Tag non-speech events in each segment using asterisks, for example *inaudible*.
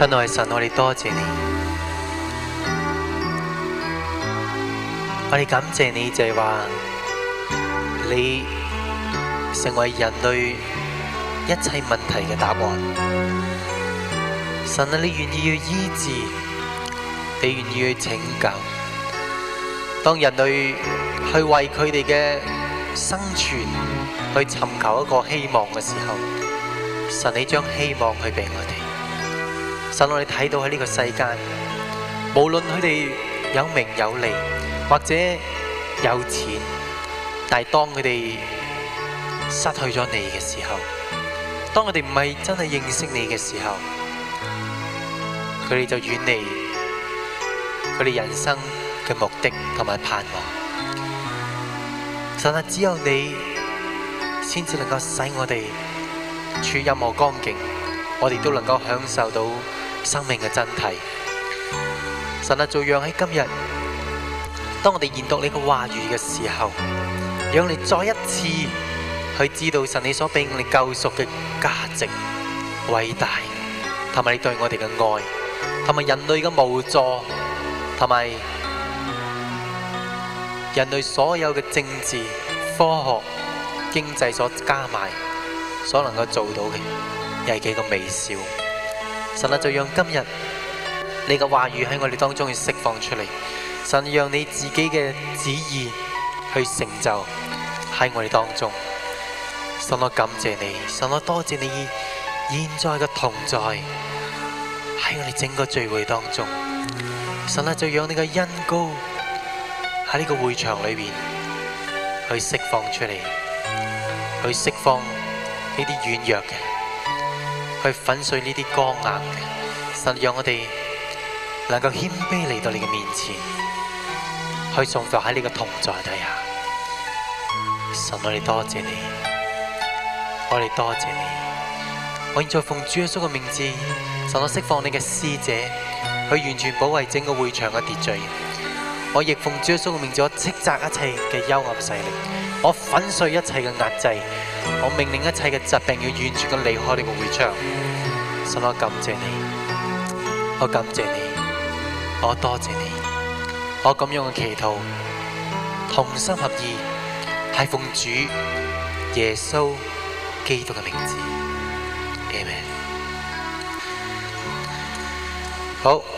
親愛的神，我哋多謝你，我哋感謝你就是說，就係話你成為人類一切問題嘅答案。神啊，你願意去醫治，你願意去拯救。當人類去為佢哋嘅生存去尋求一個希望嘅時候，神啊，你將希望去畀我哋。神，我哋睇到喺呢個世界，無論佢哋有名有利，或者有錢，但係當佢哋失去咗你嘅時候，當佢哋唔係真係認識你嘅時候，佢哋就遠離佢哋人生嘅目的同埋盼望。神啊，只有你先至能夠使我哋處任何光景，我哋都能夠享受到。生命嘅真諦，神啊，就讓喺今日，當我哋研讀你嘅話語嘅時候，讓你再一次去知道神你所俾我哋救贖嘅價值、偉大，同埋你對我哋嘅愛，同埋人類嘅無助，同埋人類所有嘅政治、科學、經濟所加埋所能夠做到嘅，又係幾個微笑。神啊，就讓今日你嘅話語喺我哋當中去釋放出嚟。神，讓你自己嘅旨意去成就喺我哋當中。神，我感謝你，神，我多謝你現在嘅同在喺我哋整個聚會當中。神啊，就讓你嘅恩膏喺呢個會場裏邊去釋放出嚟，去釋放呢啲軟弱嘅。去粉碎呢啲剛硬嘅，神，讓我哋能夠謙卑嚟到你嘅面前，去降伏喺你嘅同在底下。神，我哋多謝你，我哋多謝你。我現在奉主耶穌嘅名字，讓我釋放你嘅使者，去完全保衛整個會場嘅秩序。我亦奉主耶穌嘅名，斥責一切嘅幽暗勢力，我粉碎一切嘅壓制，我命令一切嘅疾病要完全咁離開呢個會場。神，我感謝你，我感謝你，我多謝你。我咁樣嘅祈禱，同心合意，係奉主耶穌基督嘅名字。阿門。好。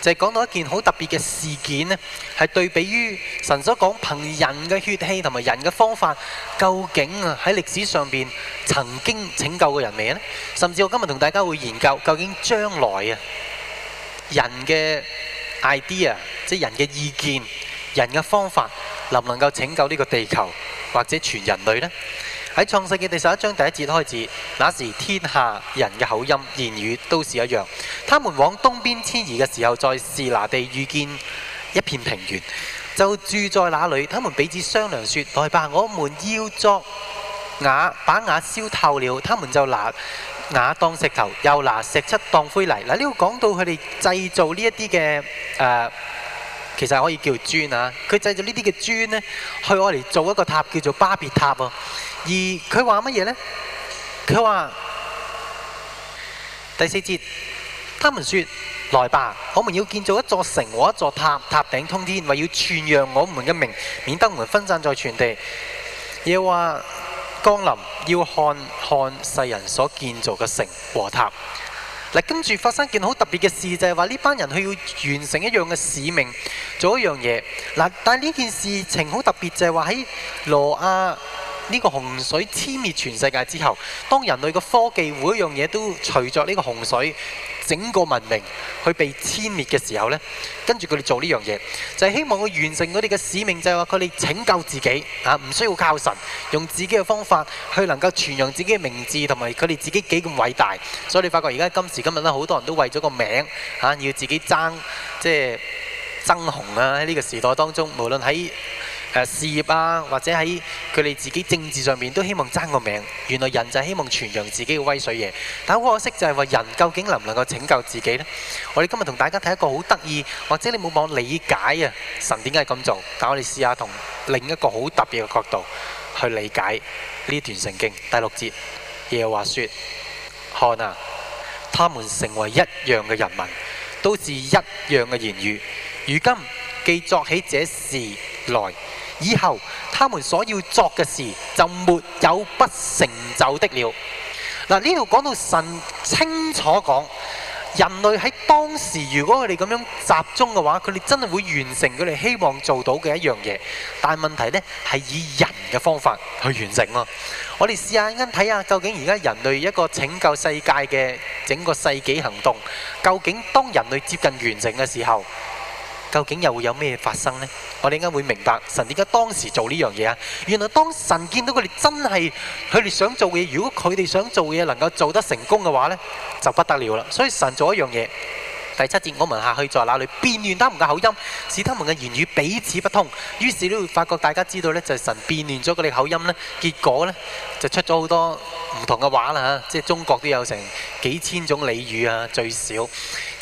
就係講到一件好特別嘅事件咧，係對比於神所講憑人嘅血氣同埋人嘅方法，究竟啊喺歷史上邊曾經拯救過人未咧？甚至我今日同大家會研究究竟將來啊人嘅 idea，即係人嘅意見、人嘅方法，能唔能夠拯救呢個地球或者全人類呢？喺創世記第十一章第一節開始，那時天下人嘅口音言語都是一樣。他們往東邊遷移嘅時候，在示拿地遇見一片平原，就住在那裏。他們彼此商量說：來吧，我們要作瓦，把瓦燒透了，他們就拿瓦當石頭，又拿石漆當灰泥。嗱，呢度講到佢哋製造呢一啲嘅誒，其實可以叫磚啊。佢製造呢啲嘅磚呢，去我嚟做一個塔，叫做巴別塔啊。而佢話乜嘢呢？佢話第四節，他們說：來吧，我們要建造一座城和一座塔，塔頂通天，為要傳揚我們嘅名，免得我們分散在全地。耶和華降臨，要看看世人所建造嘅城和塔。嗱，跟住發生件好特別嘅事，就係話呢班人佢要完成一樣嘅使命，做一樣嘢。嗱，但係呢件事情好特別，就係話喺羅亞。呢個洪水殲滅全世界之後，當人類嘅科技每一樣嘢都隨着呢個洪水整個文明去被殲滅嘅時候呢，跟住佢哋做呢樣嘢，就係、是、希望佢完成佢哋嘅使命，就係話佢哋拯救自己啊，唔需要靠神，用自己嘅方法去能夠傳揚自己嘅名字同埋佢哋自己幾咁偉大，所以你發覺而家今時今日呢，好多人都為咗個名啊，要自己爭，即係爭雄啊！喺呢個時代當中，無論喺啊、事業啊，或者喺佢哋自己政治上面都希望爭個名。原來人就希望傳揚自己嘅威水嘢。但好可惜就係話，人究竟能唔能夠拯救自己呢？我哋今日同大家睇一個好得意，或者你冇辦法理解啊，神點解咁做？但我哋試下同另一個好特別嘅角度去理解呢段聖經第六節。耶和華説：看啊，他們成為一樣嘅人民，都是一樣嘅言語。如今既作起這事。來以後，他們所要作嘅事就沒有不成就的了。嗱，呢度講到神清楚講，人類喺當時如果佢哋咁樣集中嘅話，佢哋真係會完成佢哋希望做到嘅一樣嘢。但係問題呢係以人嘅方法去完成咯。我哋試下一陣睇下究竟而家人類一個拯救世界嘅整個世紀行動，究竟當人類接近完成嘅時候，究竟又會有咩發生呢？我哋應該會明白神點解當時做呢樣嘢啊！原來當神見到佢哋真係佢哋想做嘅嘢，如果佢哋想做嘅嘢能夠做得成功嘅話呢就不得了啦！所以神做一樣嘢，第七節，我們下去，在那裡變亂他們嘅口音，使他們嘅言語彼此不通。於是你會發覺大家知道呢，就係神變亂咗佢哋口音呢結果呢。就出咗好多唔同嘅話啦嚇、啊，即係中國都有成幾千種俚語啊，最少，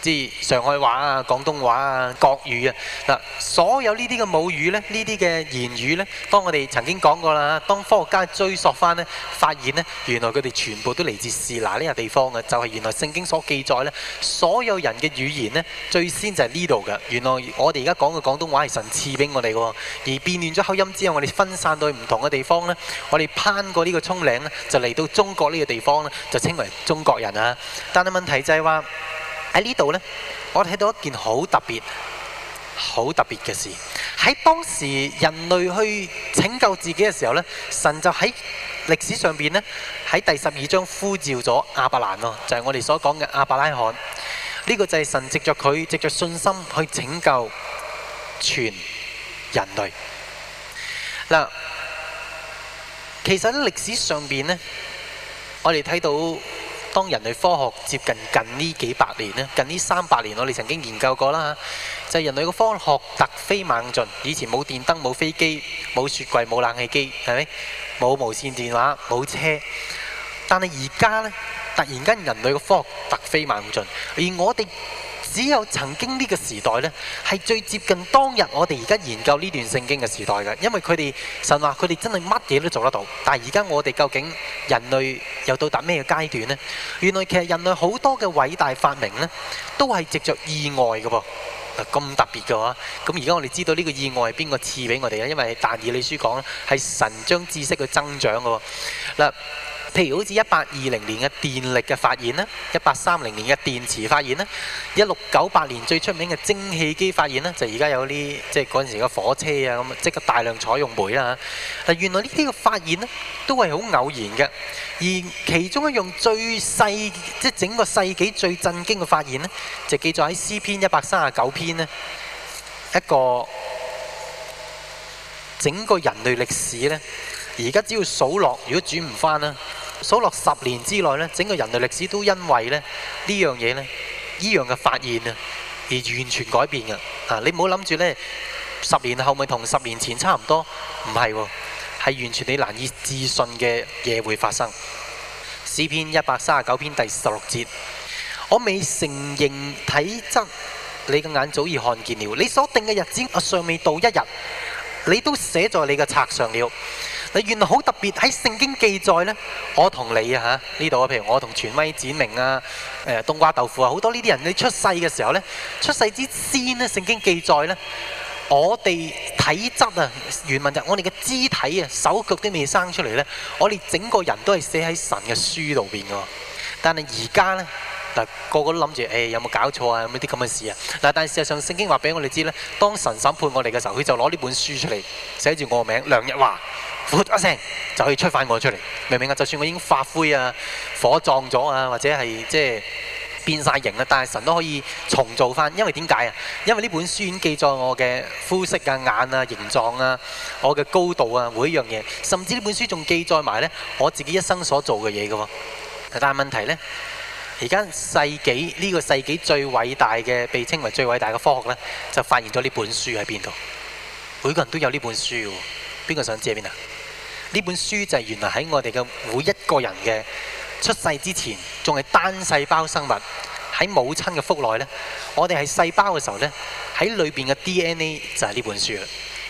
即係上海話啊、廣東話啊、國語啊嗱，所有呢啲嘅母語咧、呢啲嘅言語咧，當我哋曾經講過啦，當科學家追溯翻咧，發現咧，原來佢哋全部都嚟自示拿呢個地方嘅，就係、是、原來聖經所記載咧，所有人嘅語言咧，最先就係呢度嘅。原來我哋而家講嘅廣東話係神賜俾我哋嘅，而變亂咗口音之後，我哋分散到去唔同嘅地方咧，我哋攀過呢、這個。沖涼咧，就嚟到中國呢個地方咧，就稱為中國人啊！但係問題就係話喺呢度呢，我睇到一件好特別、好特別嘅事。喺當時人類去拯救自己嘅時候呢，神就喺歷史上邊呢，喺第十二章呼召咗亞伯蘭咯，就係、是、我哋所講嘅亞伯拉罕。呢、這個就係神藉着佢藉着信心去拯救全人類。嗱。其實喺歷史上邊呢，我哋睇到當人類科學接近近呢幾百年呢，近呢三百年，我哋曾經研究過啦嚇，就係人類嘅科學突飛猛進。以前冇電燈、冇飛機、冇雪櫃、冇冷氣機，係咪？冇無線電話、冇車。但係而家呢，突然間人類嘅科學突飛猛進，而我哋。只有曾經呢個時代呢，係最接近當日我哋而家研究呢段聖經嘅時代嘅，因為佢哋神話佢哋真係乜嘢都做得到。但係而家我哋究竟人類又到達咩嘅階段呢？原來其實人類好多嘅偉大發明呢，都係藉着意外嘅噃，嗱咁特別嘅嗬。咁而家我哋知道呢個意外係邊個賜俾我哋咧？因為但以理書講係神將知識嘅增長嘅喎，嗱。譬如好似一八二零年嘅電力嘅發現啦，一八三零年嘅電池發現啦，一六九八年最出名嘅蒸汽機發現咧，就而家有啲即係嗰陣時嘅火車啊咁啊，即係大量採用煤啦。原來呢啲嘅發現呢，都係好偶然嘅，而其中一樣最細即係整個世紀最震驚嘅發現呢，就記載喺詩篇一百三十九篇呢，一個整個人類歷史呢。而家只要數落，如果轉唔翻啦～數落十年之內呢整個人類歷史都因為咧呢樣嘢呢呢樣嘅發現啊，而完全改變嘅。啊，你唔好諗住呢十年後咪同十年前差唔多，唔係喎，係完全你難以置信嘅嘢會發生。詩篇一百三十九篇第十六節，我未成形體質，你嘅眼早已看見了。你所定嘅日子尚未到一日，你都寫在你嘅冊上了。你原來好特別喺聖經記載呢，我同你啊，呢度啊，譬如我同全威、展明啊，誒、呃、冬瓜豆腐啊，好多呢啲人，你出世嘅時候呢，出世之先咧，聖經記載呢，我哋體質啊，原文就我哋嘅肢體啊，手腳都未生出嚟呢，我哋整個人都係寫喺神嘅書度邊㗎。但係而家呢，嗱，個個都諗住誒有冇搞錯啊？有冇啲咁嘅事啊？嗱，但係事實上，聖經話俾我哋知呢，當神審判我哋嘅時候，佢就攞呢本書出嚟寫住我名梁日華。噗一聲就可以吹翻我出嚟，明唔明啊？就算我已經發灰啊、火葬咗啊，或者係即係變晒形啦，但係神都可以重做翻。因為點解啊？因為呢本書已經記載我嘅膚色啊、眼啊、形狀啊、我嘅高度啊，每一樣嘢，甚至呢本書仲記載埋呢我自己一生所做嘅嘢嘅。但係問題呢，而家世紀呢個世紀最偉大嘅被稱為最偉大嘅科學呢，就發現咗呢本書喺邊度。每個人都有呢本書，邊個想借邊啊？呢本書就係原來喺我哋嘅每一個人嘅出世之前，仲係單細胞生物喺母親嘅腹內呢，我哋係細胞嘅時候呢，喺裏邊嘅 DNA 就係呢本書啦。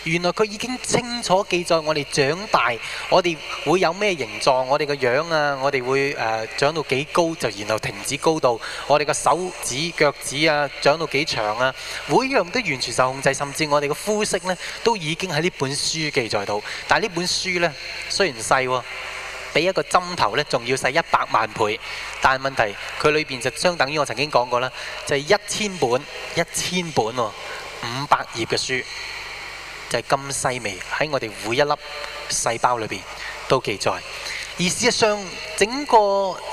原來佢已經清楚記載我哋長大，我哋會有咩形狀，我哋個樣啊，我哋會誒長到幾高就然後停止高度，我哋個手指腳趾啊長到幾長啊，每樣都完全受控制，甚至我哋個膚色呢，都已經喺呢本書記載到。但係呢本書呢，雖然細喎，比一個針頭呢仲要細一百萬倍，但係問題佢裏邊就相等於我曾經講過啦，就係一千本一千本喎，五百頁嘅書。就係咁細微，喺我哋每一粒細胞裏邊都記載。而事實上，整個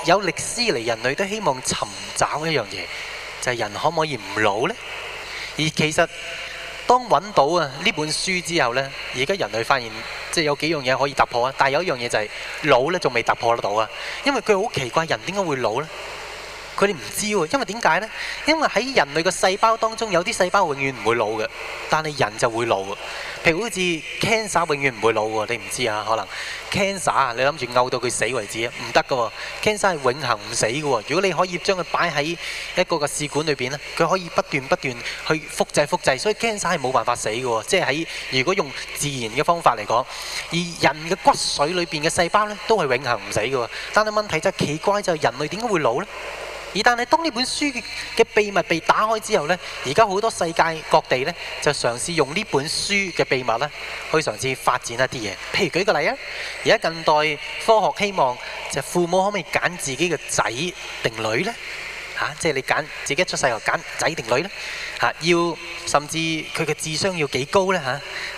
有歷史嚟，人類都希望尋找一樣嘢，就係人可唔可以唔老呢？而其實當揾到啊呢本書之後呢，而家人類發現即係有幾樣嘢可以突破啊，但係有一樣嘢就係老呢仲未突破得到啊，因為佢好奇怪，人點解會老呢？佢哋唔知喎，因為點解呢？因為喺人類嘅細胞當中，有啲細胞永遠唔會老嘅，但係人就會老啊。譬如好似 cancer 永遠唔會老嘅，你唔知啊，可能 cancer 你諗住漚到佢死為止，唔得㗎喎。cancer 係永恆唔死㗎喎。如果你可以將佢擺喺一個嘅試管裏邊呢，佢可以不斷不斷去複製複製，所以 cancer 係冇辦法死嘅喎。即係喺如果用自然嘅方法嚟講，而人嘅骨髓裏邊嘅細胞呢，都係永恆唔死嘅喎。但係問題就奇怪就係人類點解會老呢？而但係當呢本書嘅秘密被打開之後咧，而家好多世界各地咧就嘗試用呢本書嘅秘密咧去嘗試發展一啲嘢。譬如舉個例啊，而家近代科學希望就父母可唔可以揀自己嘅仔定女咧？嚇，即係你揀自己出世又揀仔定女咧？嚇，要甚至佢嘅智商要幾高咧？嚇？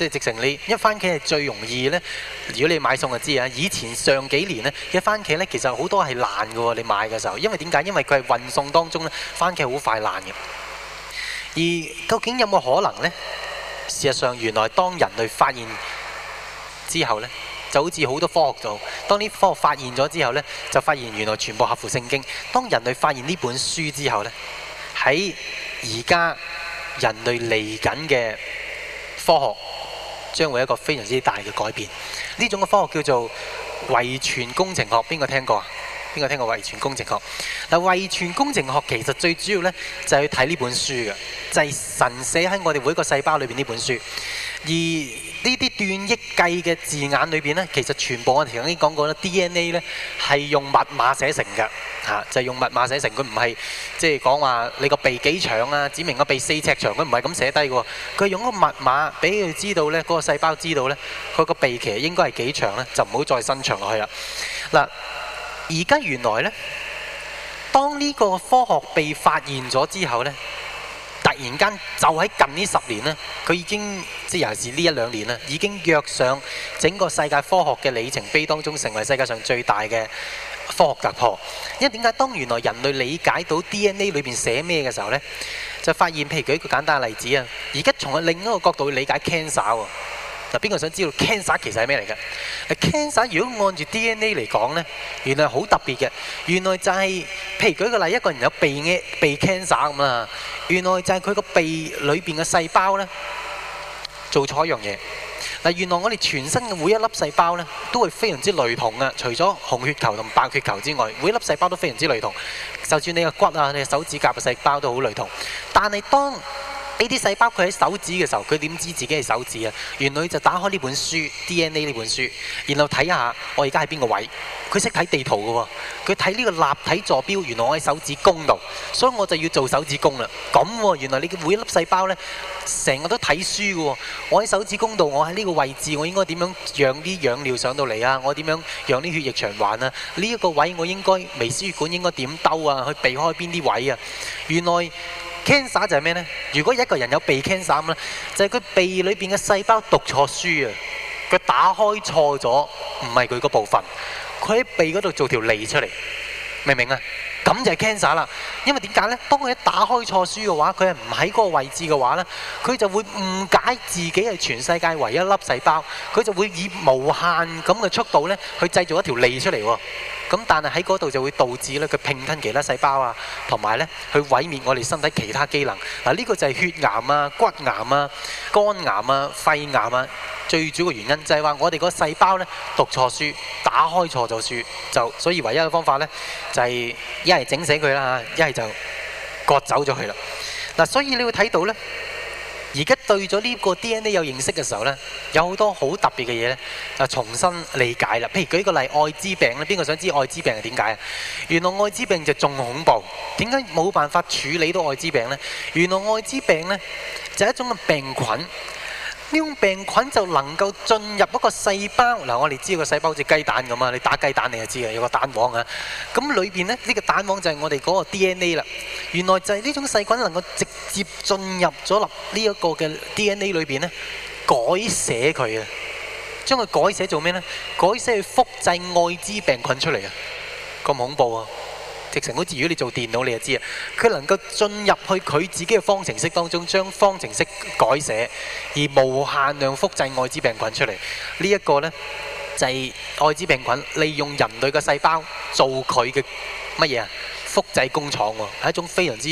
即係直情你，因為番茄係最容易呢。如果你買餸就知啊！以前上幾年呢，一番茄呢其實好多係爛嘅喎。你買嘅時候，因為點解？因為佢係運送當中呢，番茄好快爛嘅。而究竟有冇可能呢？事實上，原來當人類發現之後呢，就好似好多科學度。當啲科學發現咗之後呢，就發現原來全部合乎聖經。當人類發現呢本書之後呢，喺而家人類嚟緊嘅科學。將會一個非常之大嘅改變。呢種嘅科學叫做遺傳工程學，邊個聽過啊？邊個聽過遺傳工程學？嗱，遺傳工程學其實最主要呢，就係去睇呢本書嘅，就係、是、神寫喺我哋每一個細胞裏邊呢本書。而呢啲斷億計嘅字眼裏邊呢，其實全部我哋頭先講過啦，DNA 呢係用密碼寫成嘅，嚇、啊、就係、是、用密碼寫成，佢唔係即係講話你個鼻幾長啊，指明個鼻四尺長，佢唔係咁寫低嘅，佢用個密碼俾佢知道呢，嗰、那個細胞知道呢，佢個鼻其實應該係幾長呢，就唔好再伸長落去啦。嗱、啊，而家原來呢，當呢個科學被發現咗之後呢。然間就喺近呢十年咧，佢已經即係尤其是呢一兩年啦，已經躍上整個世界科學嘅里程碑當中，成為世界上最大嘅科學突破。因為點解，當原來人類理解到 DNA 裏邊寫咩嘅時候咧，就發現譬如舉一個簡單嘅例子啊，而家從另一個角度去理解 cancer 喎。嗱，邊個想知道 cancer 其實係咩嚟嘅？cancer 如果按住 DNA 嚟講呢，原來好特別嘅。原來就係，譬如舉個例，一個人有鼻嘅鼻 cancer 咁啊，原來就係佢個鼻裏邊嘅細胞呢，做錯一樣嘢。嗱，原來我哋全身嘅每一粒細胞呢，都會非常之雷同啊。除咗紅血球同白血球之外，每一粒細胞都非常之雷同。就算你個骨啊、你嘅手指甲嘅細胞都好雷同，但係當呢啲細胞佢喺手指嘅時候，佢點知自己係手指啊？原來就打開呢本書 DNA 呢本書，然後睇下我而家喺邊個位。佢識睇地圖嘅喎，佢睇呢個立體座標。原來我喺手指公度，所以我就要做手指公啦。咁喎、啊，原來你每一粒細胞呢，成日都睇書嘅喎。我喺手指公度，我喺呢個位置，我應該樣養點樣讓啲養料上到嚟啊？我樣養點樣讓啲血液循環啊？呢、這、一個位我應該微絲血管應該點兜啊？去避開邊啲位啊？原來。cancer 就係咩呢？如果一個人有鼻 cancer，就係佢鼻裏邊嘅細胞讀錯書啊！佢打開錯咗，唔係佢個部分，佢喺鼻嗰度做條脷出嚟，明唔明啊？咁就係 cancer 啦，因為點解呢？當佢一打開錯書嘅話，佢係唔喺嗰個位置嘅話呢，佢就會誤解自己係全世界唯一粒細胞，佢就會以無限咁嘅速度呢去製造一條脷出嚟喎、哦。咁但係喺嗰度就會導致呢，佢拼吞其他細胞啊，同埋呢去毀滅我哋身體其他機能。嗱，呢個就係血癌啊、骨癌啊、肝癌啊、肺癌啊。最主要嘅原因就係話我哋個細胞呢讀錯書、打開錯咗書，就所以唯一嘅方法呢就係、是。一係整死佢啦嚇，一係就割走咗佢啦。嗱，所以你會睇到呢，而家對咗呢個 DNA 有認識嘅時候呢，有好多好特別嘅嘢呢，就重新理解啦。譬如舉個例，愛滋病咧，邊個想知愛滋病係點解啊？原來愛滋病就仲恐怖，點解冇辦法處理到愛滋病呢？原來愛滋病呢，就係一種嘅病菌。呢種病菌就能夠進入一個細胞，嗱，我哋知道個細胞好似雞蛋咁啊，你打雞蛋你就知啊，有個蛋黃啊，咁裏邊呢，呢、呢個蛋黃就係我哋嗰個 DNA 啦。原來就係呢種細菌能夠直接進入咗立呢一個嘅 DNA 裏邊呢，改寫佢啊，將佢改寫做咩呢？改寫去複製愛滋病菌出嚟啊，咁恐怖啊！直情好似如果你做電腦，你就知啊，佢能夠進入去佢自己嘅方程式當中，將方程式改寫，而無限量複製愛滋病菌出嚟。呢、這、一個呢，就係、是、愛滋病菌利用人類嘅細胞做佢嘅乜嘢啊？複製工廠喎、哦，係一種非常之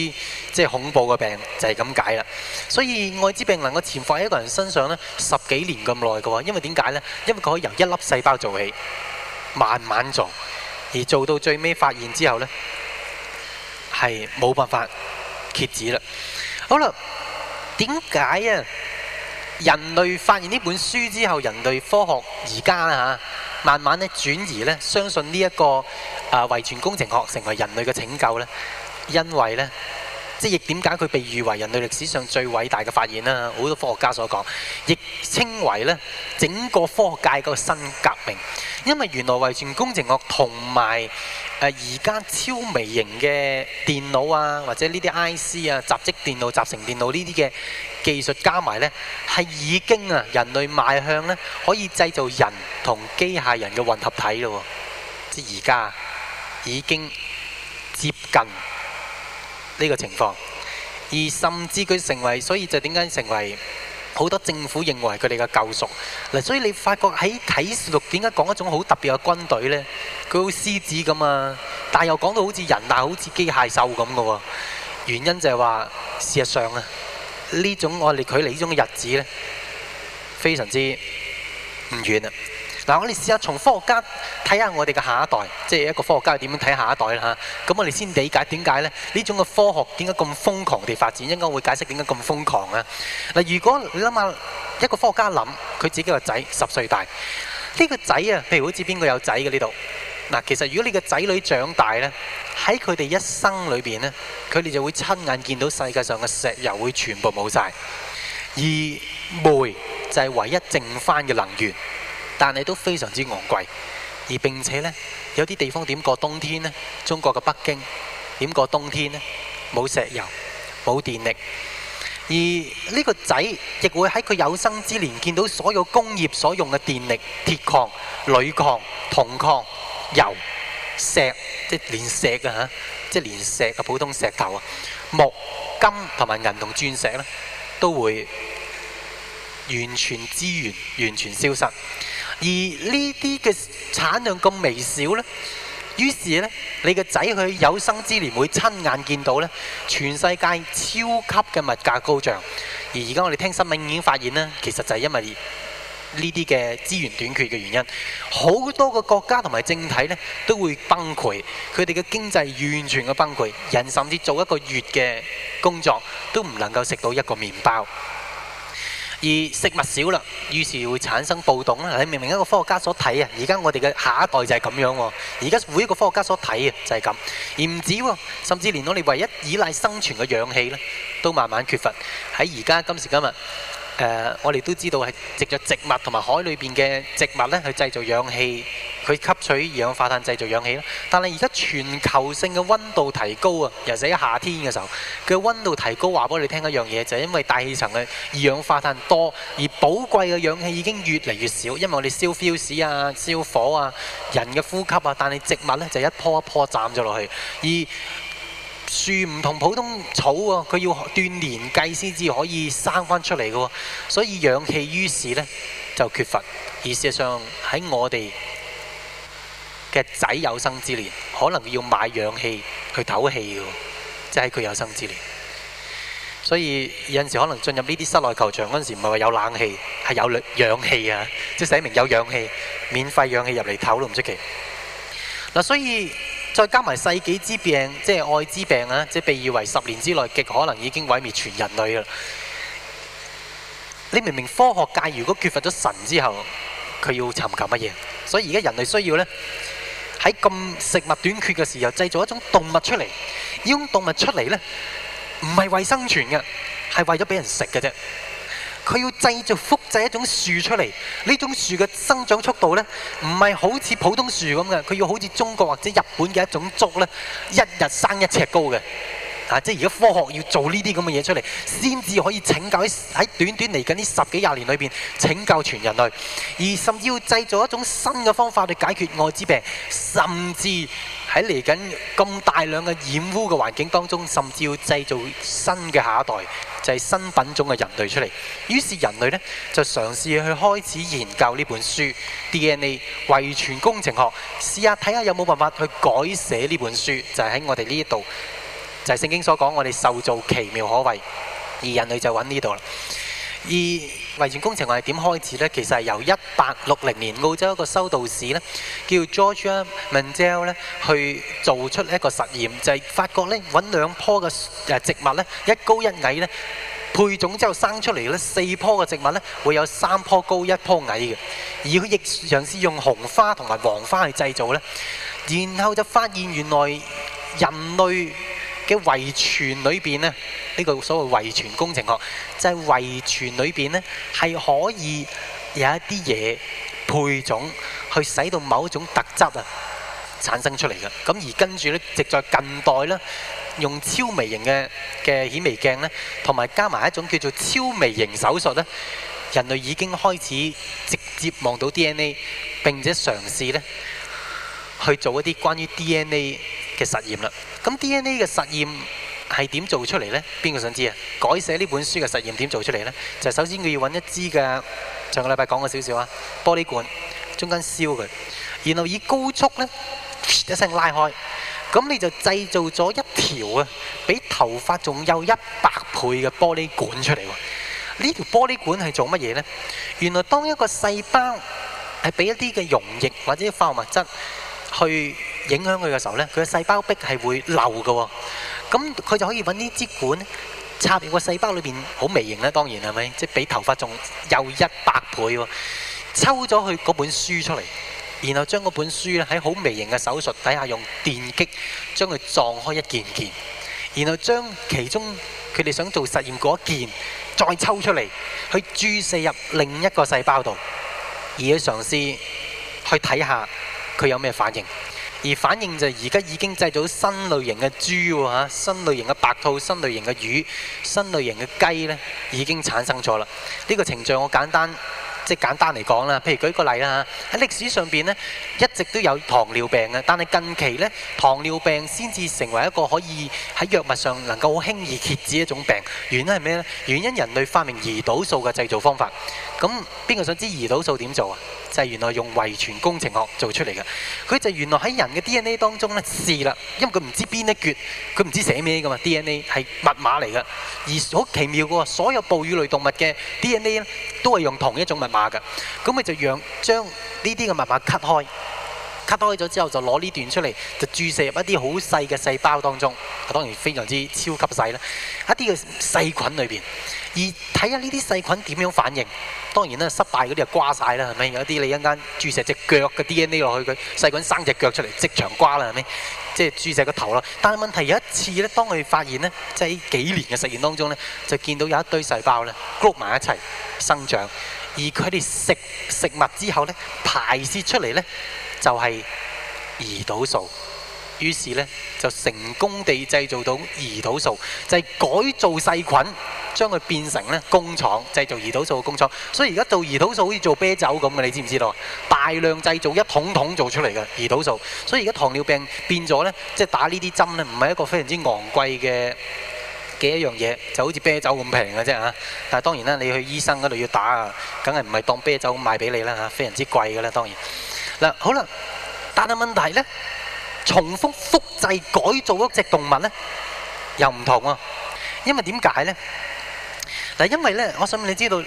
即係恐怖嘅病，就係咁解啦。所以愛滋病能夠潛伏喺一個人身上呢，十幾年咁耐嘅喎，因為點解呢？因為佢可以由一粒細胞做起，慢慢做。而做到最尾發現之後呢，係冇辦法遏止啦。好啦，點解啊？人類發現呢本書之後，人類科學而家啦嚇，慢慢咧轉移呢，相信呢一個啊遺傳工程學成為人類嘅拯救呢，因為呢。即亦點解佢被譽為人類歷史上最偉大嘅發現啦？好多科學家所講，亦稱為咧整個科學界嗰個新革命。因為原來遺傳工程學同埋誒而家超微型嘅電腦啊，或者呢啲 IC 啊、集積電腦、集成電腦呢啲嘅技術加埋呢，係已經啊人類邁向呢可以製造人同機械人嘅混合體咯。即而家已經接近。呢個情況，而甚至佢成為，所以就點解成為好多政府認為佢哋嘅救贖嗱？所以你發覺喺啟示錄點解講一種好特別嘅軍隊呢？佢好似獅子咁啊，但係又講到好似人啊，好似機械獸咁嘅喎。原因就係話事實上啊，呢種我哋距離呢種嘅日子呢，非常之唔遠啊。嗱，我哋試下從科學家睇下我哋嘅下一代，即係一個科學家點樣睇下一代啦咁、啊、我哋先理解點解咧？呢種嘅科學點解咁瘋狂地發展？應該會解釋點解咁瘋狂啊！嗱，如果你諗下一個科學家諗，佢自己個仔十歲大，呢、呢個仔啊，譬如好似邊個有仔嘅呢度？嗱，其實如果你個仔女長大呢，喺佢哋一生裏邊呢，佢哋就會親眼見到世界上嘅石油會全部冇晒，而煤就係唯一剩返嘅能源。但係都非常之昂貴，而並且呢，有啲地方點過冬天呢？中國嘅北京點過冬天呢？冇石油，冇電力。而呢個仔亦會喺佢有生之年見到所有工業所用嘅電力、鐵礦、鋁礦、銅礦、油、石，即係連石啊嚇，即係連石嘅普通石頭啊、木、金同埋銀同鑽石呢，都會完全資源完全消失。而呢啲嘅產量咁微少呢，於是呢，你個仔佢有生之年會親眼見到呢，全世界超級嘅物價高漲。而而家我哋聽新聞已經發現呢，其實就係因為呢啲嘅資源短缺嘅原因，好多個國家同埋政體呢都會崩潰，佢哋嘅經濟完全嘅崩潰，人甚至做一個月嘅工作都唔能夠食到一個麵包。而食物少啦，於是會產生暴動啦。你明明一個科學家所睇啊，而家我哋嘅下一代就係咁樣喎。而家每一個科學家所睇啊，就係咁，而唔止喎，甚至連我哋唯一依賴生存嘅氧氣咧，都慢慢缺乏。喺而家今時今日。誒、呃，我哋都知道係藉著植物同埋海裏邊嘅植物咧，去製造氧氣，去吸取二氧化碳製造氧氣啦。但係而家全球性嘅溫度提高啊，尤其喺夏天嘅時候，佢嘅溫度提高話俾你聽一樣嘢，就係，是，因為大氣層嘅二氧化碳多，而寶貴嘅氧氣已經越嚟越少，因為我哋燒 fuel 啊、燒火啊、人嘅呼吸啊，但係植物呢，就一棵一棵斬咗落去，而。樹唔同普通草喎，佢要斷年計先至可以生翻出嚟嘅喎，所以氧氣於是呢就缺乏。而事實上喺我哋嘅仔有生之年，可能要買氧氣去唞氣嘅喎，即係佢有生之年。所以有陣時可能進入呢啲室內球場嗰陣時，唔係話有冷氣，係有氧氣啊，即係寫明有氧氣，免費氧氣入嚟唞都唔出奇。嗱，所以。再加埋世紀之病，即係愛滋病啊！即係被譽為十年之內極可能已經毀滅全人類啊！你明唔明科學界如果缺乏咗神之後，佢要尋求乜嘢？所以而家人類需要呢，喺咁食物短缺嘅時候，製造一種動物出嚟，呢種動物出嚟呢，唔係為生存嘅，係為咗俾人食嘅啫。佢要製造複製一種樹出嚟，呢種樹嘅生長速度咧，唔係好似普通樹咁嘅，佢要好似中國或者日本嘅一種竹咧，一日生一尺高嘅。啊！即係而家科學要做呢啲咁嘅嘢出嚟，先至可以拯救喺短短嚟緊呢十幾廿年裏邊拯救全人類，而甚至要製造一種新嘅方法去解決艾滋病，甚至喺嚟緊咁大量嘅染污嘅環境當中，甚至要製造新嘅下一代，就係新品種嘅人類出嚟。於是人類呢，就嘗試去開始研究呢本書 DNA 遺傳工程學，試下睇下有冇辦法去改寫呢本書，就係喺我哋呢一度。就係聖經所講，我哋受造奇妙可畏，而人類就揾呢度啦。而遺傳工程係點開始咧？其實係由一八六零年澳洲一個修道士咧，叫 George Mendel 咧，去做出一個實驗，就係發覺咧揾兩棵嘅植物咧，一高一矮咧，配種之後生出嚟咧，四棵嘅植物咧，會有三棵高一棵矮嘅。而佢亦嘗試用紅花同埋黃花去製造咧，然後就發現原來人類。嘅遺傳裏邊呢，呢，呢個所謂遺傳工程學就係遺傳裏邊呢，係可以有一啲嘢配種，去使到某一種特質啊產生出嚟嘅。咁而跟住呢，直在近代啦，用超微型嘅嘅顯微鏡呢，同埋加埋一種叫做超微型手術呢，人類已經開始直接望到 DNA，並且嘗試呢去做一啲關於 DNA。嘅實驗啦，咁 D N A 嘅實驗係點做出嚟呢？邊個想知啊？改寫呢本書嘅實驗點做出嚟呢？就首先佢要揾一支嘅，上個禮拜講過少少啊，玻璃管，中間燒佢，然後以高速呢，一聲拉開，咁你就製造咗一條啊，比頭髮仲幼一百倍嘅玻璃管出嚟喎。呢條玻璃管係做乜嘢呢？原來當一個細胞係俾一啲嘅溶液或者化學物質去。影響佢嘅時候，呢佢嘅細胞壁係會漏嘅，咁佢就可以揾呢支管插入個細胞裏邊，好微型啦。當然係咪即係比頭髮仲幼一百倍喎？抽咗佢嗰本書出嚟，然後將嗰本書咧喺好微型嘅手術底下用電擊將佢撞開一件件，然後將其中佢哋想做實驗嗰一件再抽出嚟去注射入另一個細胞度，而嘗試去嘗試去睇下佢有咩反應。而反應就係而家已經製造新類型嘅豬喎，新類型嘅白兔、新類型嘅魚、新類型嘅雞呢已經產生咗啦。呢、這個程序我簡單即係簡單嚟講啦。譬如舉個例啦嚇，喺歷史上邊呢，一直都有糖尿病嘅，但係近期呢，糖尿病先至成為一個可以喺藥物上能夠好輕易遏制一種病。原因係咩呢？原因人類發明胰島素嘅製造方法。咁邊個想知胰島素點做啊？就係原來用遺傳工程學做出嚟嘅，佢就原來喺人嘅 DNA 當中咧試啦，因為佢唔知邊一橛，佢唔知寫咩噶嘛，DNA 係密碼嚟㗎，而好奇妙嘅喎，所有哺乳類動物嘅 DNA 咧都係用同一種密碼㗎，咁佢就讓將呢啲嘅密碼 cut 開。cut 開咗之後就攞呢段出嚟，就注射入一啲好細嘅細胞當中。當然非常之超級細啦，一啲嘅細菌裏邊，而睇下呢啲細菌點樣反應。當然啦，失敗嗰啲就瓜晒啦，係咪？有一啲你一間注射隻腳嘅 DNA 落去，佢細菌生隻腳出嚟，即場瓜啦，係咪？即係注射個頭啦。但係問題有一次咧，當佢發現咧，即係幾年嘅實驗當中咧，就見到有一堆細胞咧 group 埋一齊生長，而佢哋食食物之後咧，排泄出嚟咧。就係胰島素，於是呢，就成功地製造到胰島素，就係改造細菌，將佢變成呢工廠製造胰島素嘅工廠。所以而家做胰島素好似做啤酒咁嘅，你知唔知道？大量製造一桶桶做出嚟嘅胰島素。所以而家糖尿病變咗呢，即係打呢啲針呢，唔係一個非常之昂貴嘅嘅一樣嘢，就好似啤酒咁平嘅啫嚇。但係當然啦，你去醫生嗰度要打啊，梗係唔係當啤酒賣俾你啦嚇，非常之貴嘅啦，當然。嗱，好啦，但係問題呢，重複複製改造一隻動物呢，又唔同啊，因為點解呢？嗱，因為呢，我想你知道誒，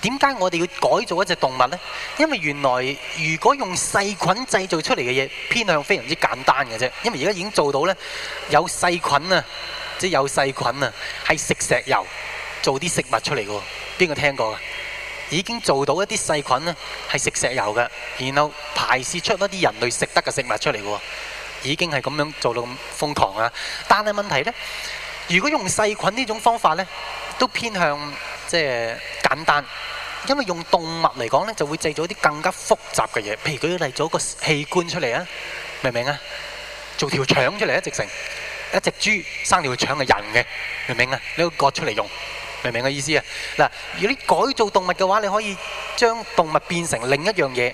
點解我哋要改造一隻動物呢？因為原來如果用細菌製造出嚟嘅嘢，偏向非常之簡單嘅啫。因為而家已經做到呢，有細菌啊，即係有細菌啊，係食石油做啲食物出嚟嘅喎，邊個聽過啊？已經做到一啲細菌呢係食石油嘅，然後排泄出一啲人類食得嘅食物出嚟嘅喎，已經係咁樣做到咁瘋狂啊！但係問題呢，如果用細菌呢種方法呢，都偏向即係簡單，因為用動物嚟講呢，就會製造一啲更加複雜嘅嘢。譬如舉例做一個器官出嚟啊，明唔明啊？做條腸出嚟一直成一隻豬生條腸嘅人嘅，明唔明啊？你個割出嚟用。明唔明我個意思啊？嗱，如果你改造動物嘅話，你可以將動物變成另一樣嘢，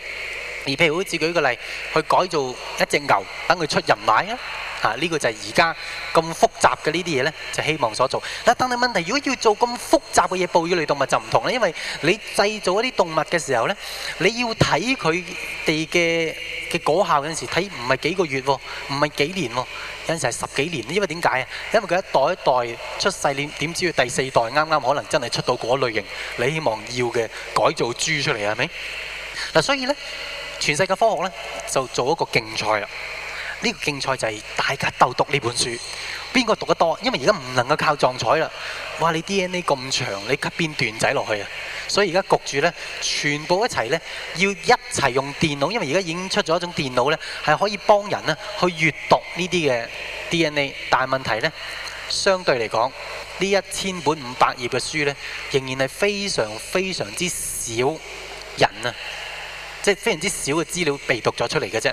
而譬如好似舉個例，去改造一隻牛，等佢出人奶啊！嚇，呢個就係而家咁複雜嘅呢啲嘢咧，就希望所做。嗱，但係問題如果要做咁複雜嘅嘢，哺乳類動物就唔同啦，因為你製造一啲動物嘅時候咧，你要睇佢哋嘅嘅果效嗰陣時，睇唔係幾個月喎，唔係幾年喎。有時係十幾年，因為點解啊？因為佢一代一代出世，你點知佢第四代啱啱可能真係出到嗰類型？你希望要嘅改造豬出嚟係咪？嗱，所以呢，全世界科學呢，就做一個競賽啦。呢個競賽就係大家鬥讀呢本書，邊個讀得多？因為而家唔能夠靠撞彩啦，話你 DNA 咁長，你加邊段仔落去啊？所以而家焗住呢，全部一齊呢，要一齊用電腦，因為而家已經出咗一種電腦呢，係可以幫人咧去閲讀呢啲嘅 DNA。但係問題呢，相對嚟講，呢一千本五百頁嘅書呢，仍然係非常非常之少人啊！即係非常之少嘅資料被讀咗出嚟嘅啫，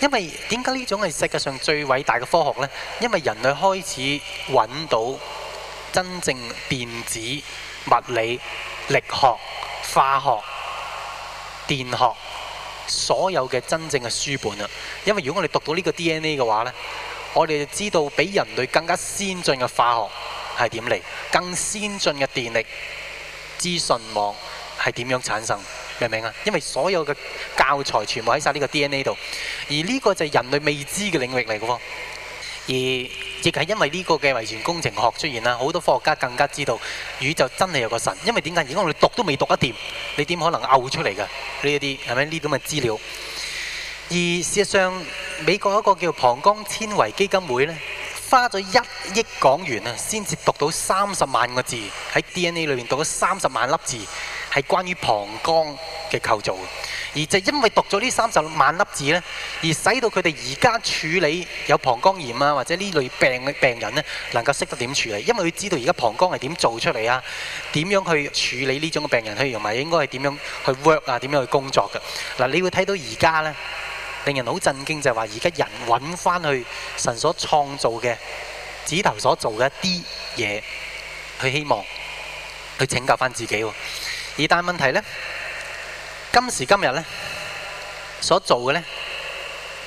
因為點解呢種係世界上最偉大嘅科學呢？因為人類開始揾到真正電子物理、力學、化學、電學所有嘅真正嘅書本啦。因為如果我哋讀到呢個 DNA 嘅話呢，我哋就知道比人類更加先進嘅化學係點嚟，更先進嘅電力資訊網係點樣產生。明唔明啊？因為所有嘅教材，全部喺晒呢個 DNA 度，而呢個就係人類未知嘅領域嚟嘅喎。而亦係因為呢個嘅遺傳工程學出現啦，好多科學家更加知道，宇宙真係有個神。因為點解？而家我哋讀都未讀得掂，你點可能嘔出嚟㗎？呢一啲係咪呢啲咁嘅資料？而事實上，美國一個叫膀胱纖維基金會咧，花咗一億港元啊，先至讀到三十萬個字，喺 DNA 裏面讀咗三十萬粒字。係關於膀胱嘅構造，而就因為讀咗呢三十萬粒字呢，而使到佢哋而家處理有膀胱炎啊，或者呢類病嘅病人呢，能夠識得點處理，因為佢知道而家膀胱係點做出嚟啊，點樣去處理呢種嘅病人，佢同埋應該係點樣去 work 啊，點樣去工作嘅。嗱、啊，你會睇到而家呢，令人好震驚就係話，而家人揾翻去神所創造嘅指頭所做嘅一啲嘢，去希望去請教翻自己。而但問題咧，今時今日咧，所做嘅咧，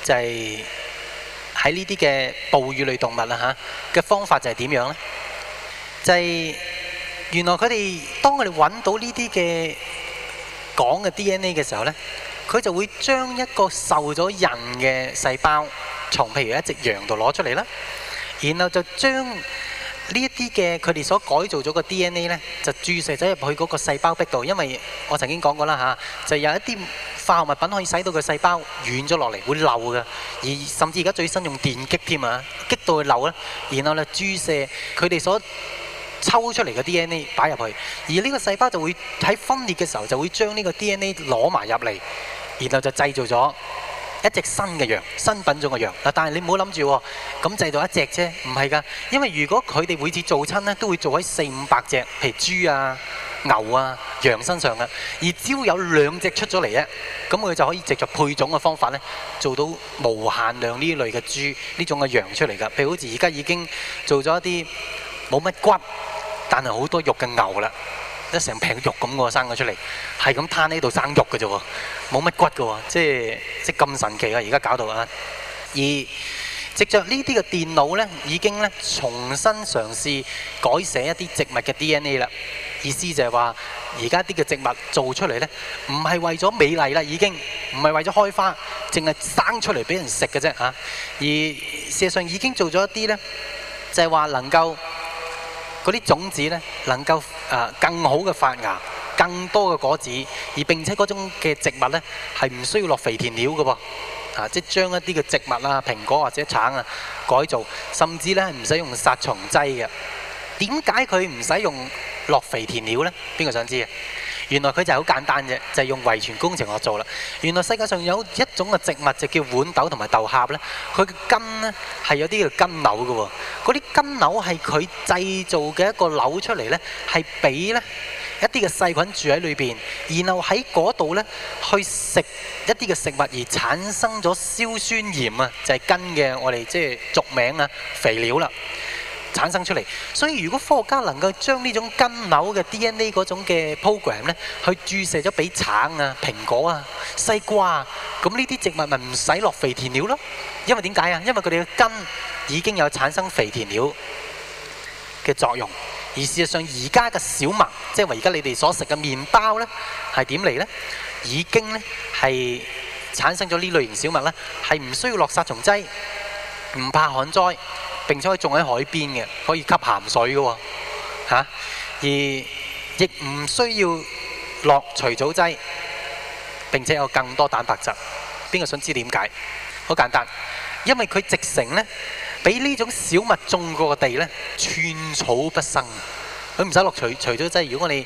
就係喺呢啲嘅哺乳類動物啦嚇嘅方法就係點樣咧？就係原來佢哋當佢哋揾到呢啲嘅講嘅 DNA 嘅時候咧，佢就會將一個受咗人嘅細胞，從譬如一隻羊度攞出嚟啦，然後就將呢一啲嘅佢哋所改造咗個 D N A 呢，就注射咗入去嗰個細胞壁度。因為我曾經講過啦嚇，啊，就有一啲化學物品可以使到個細胞軟咗落嚟，會漏嘅。而甚至而家最新用電擊添啊，激到佢漏咧，然後咧注射佢哋所抽出嚟嘅 D N A 擺入去，而呢個細胞就會喺分裂嘅時候就會將呢個 D N A 攞埋入嚟，然後就製造咗。一隻新嘅羊，新品種嘅羊嗱，但係你唔好諗住喎，咁製造一隻啫，唔係㗎，因為如果佢哋每次做親呢，都會做喺四五百隻，譬如豬啊、牛啊、羊身上嘅，而只要有兩隻出咗嚟咧，咁佢就可以藉助配種嘅方法呢，做到無限量呢類嘅豬呢種嘅羊出嚟㗎，譬如好似而家已經做咗一啲冇乜骨，但係好多肉嘅牛啦。即成片肉咁喎，生咗出嚟，係咁攤喺度生肉嘅啫喎，冇乜骨嘅喎，即係即咁神奇啊！而家搞到啊，而藉着呢啲嘅電腦呢，已經呢重新嘗試改寫一啲植物嘅 DNA 啦。意思就係話，而家啲嘅植物做出嚟呢，唔係為咗美麗啦，已經唔係為咗開花，淨係生出嚟俾人食嘅啫啊！而事實上已經做咗一啲呢，就係話能夠。嗰啲種子咧能夠誒、呃、更好嘅發芽，更多嘅果子，而並且嗰種嘅植物咧係唔需要落肥田料嘅噃。啊即將一啲嘅植物啊，蘋果或者橙啊改造，甚至咧唔使用殺蟲劑嘅。點解佢唔使用落肥田料呢？邊個想知啊？原來佢就係好簡單啫，就係用遺傳工程學做啦。原來世界上有一種嘅植物就叫豌豆同埋豆莢咧，佢嘅根咧係有啲叫根瘤嘅喎。嗰啲根瘤係佢製造嘅一個瘤出嚟咧，係俾咧一啲嘅細菌住喺裏邊，然後喺嗰度咧去食一啲嘅食物而產生咗硝酸鹽啊，就係根嘅我哋即係俗名啊肥料啦。產生出嚟，所以如果科學家能夠將呢種根瘤嘅 DNA 嗰種嘅 program 咧，去注射咗俾橙啊、蘋果啊、西瓜啊，咁呢啲植物咪唔使落肥田料咯？因為點解啊？因為佢哋嘅根已經有產生肥田料嘅作用。而事實上，而家嘅小麥，即係而家你哋所食嘅麵包咧，係點嚟咧？已經咧係產生咗呢類型小麥咧，係唔需要落殺蟲劑，唔怕旱災。並且可以種喺海邊嘅，可以吸鹹水嘅喎，嚇！而亦唔需要落除草劑，並且有更多蛋白質。邊個想知點解？好簡單，因為佢直成呢，畀呢種小麥種過個地呢，寸草不生。佢唔使落除除草劑，如果我哋。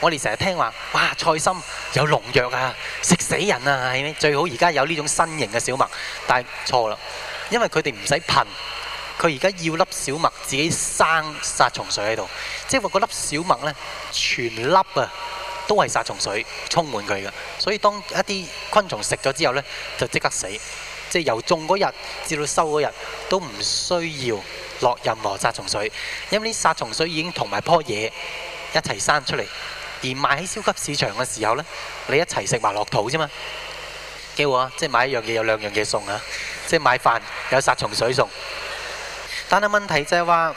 我哋成日聽話，哇！菜心有農藥啊，食死人啊，係咪？最好而家有呢種新型嘅小麥，但係錯啦，因為佢哋唔使噴，佢而家要粒小麥自己生殺蟲水喺度，即係話嗰粒小麥呢，全粒啊都係殺蟲水充滿佢嘅，所以當一啲昆蟲食咗之後呢，就即刻死，即係由種嗰日至到收嗰日都唔需要落任何殺蟲水，因為啲殺蟲水已經同埋棵嘢一齊生出嚟。而買喺超級市場嘅時候呢，你一齊食埋落肚啫嘛，幾好啊，即係買一樣嘢有兩樣嘢送啊，即係買飯有殺蟲水送。但係問題就係話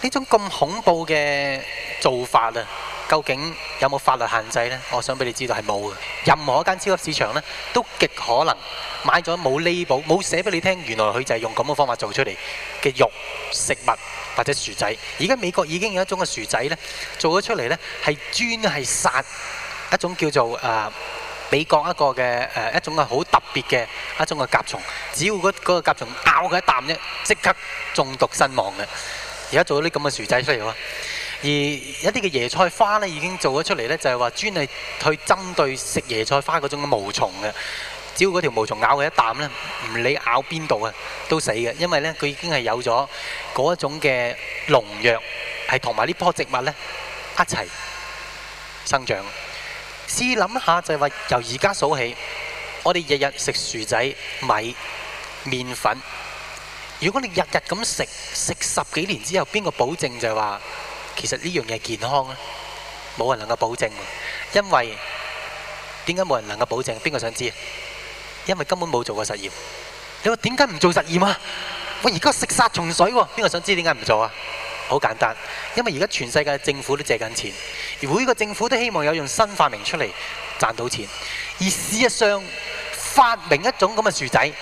呢種咁恐怖嘅做法啊！究竟有冇法律限制咧？我想俾你知道係冇嘅。任何一間超級市場咧，都極可能買咗冇 label、冇寫俾你聽，原來佢就係用咁嘅方法做出嚟嘅肉食物或者薯仔。而家美國已經有一種嘅薯仔咧，做咗出嚟咧係專係殺一種叫做誒美國一個嘅誒一種嘅好特別嘅一種嘅甲蟲。只要嗰嗰個甲蟲咬佢一啖啫，即刻中毒身亡嘅。而家做咗啲咁嘅薯仔出嚟喎。而一啲嘅椰菜花咧，已經做咗出嚟咧，就係話專係去針對食椰菜花嗰種嘅毛蟲嘅。只要嗰條毛蟲咬佢一啖咧，唔理咬邊度啊，都死嘅。因為咧，佢已經係有咗嗰一種嘅農藥，係同埋呢棵植物咧一齊生長。試諗下，就係話由而家數起，我哋日日食薯仔、米、麵粉。如果你日日咁食食十幾年之後，邊個保證就係話？其實呢樣嘢健康咧，冇人能夠保，保證。因為點解冇人能夠保證？邊個想知？因為根本冇做過實驗。你話點解唔做實驗啊？喂，而家食殺蟲水喎，邊個想知點解唔做啊？好簡單，因為而家全世界政府都借緊錢，而每個政府都希望有用新發明出嚟賺到錢。而事實上發明一種咁嘅薯仔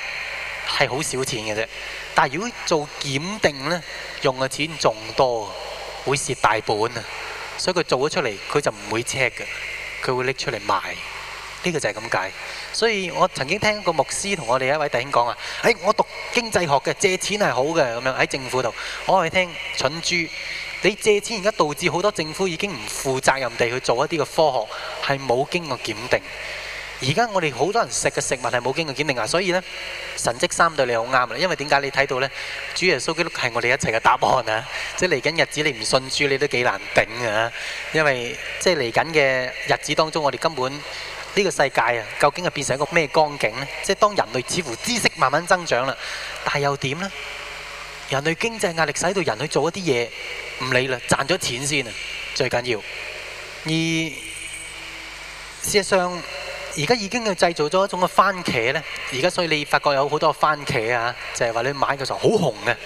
係好少錢嘅啫，但係如果做檢定呢，用嘅錢仲多。會蝕大本啊！所以佢做咗出嚟，佢就唔會 check 嘅，佢會拎出嚟賣。呢、這個就係咁解。所以我曾經聽過牧師同我哋一位弟兄講啊，誒、哎，我讀經濟學嘅，借錢係好嘅，咁樣喺政府度。我係聽蠢豬，你借錢而家導致好多政府已經唔負責任地去做一啲嘅科學，係冇經過檢定。而家我哋好多人食嘅食物係冇經過檢定啊，所以呢神蹟三對你好啱啦。因為點解你睇到呢？主耶穌基督係我哋一切嘅答案啊！即係嚟緊日子，你唔信主，你都幾難頂啊！因為即係嚟緊嘅日子當中，我哋根本呢個世界啊，究竟係變成一個咩光景呢？即係當人類似乎知識慢慢增長啦，但係又點呢？人類經濟壓力使到人去做一啲嘢唔理啦，賺咗錢先啊，最緊要。而事實上而家已經係製造咗一種嘅番茄呢。而家所以你發覺有好多番茄啊，就係話你買嘅時候好紅啊，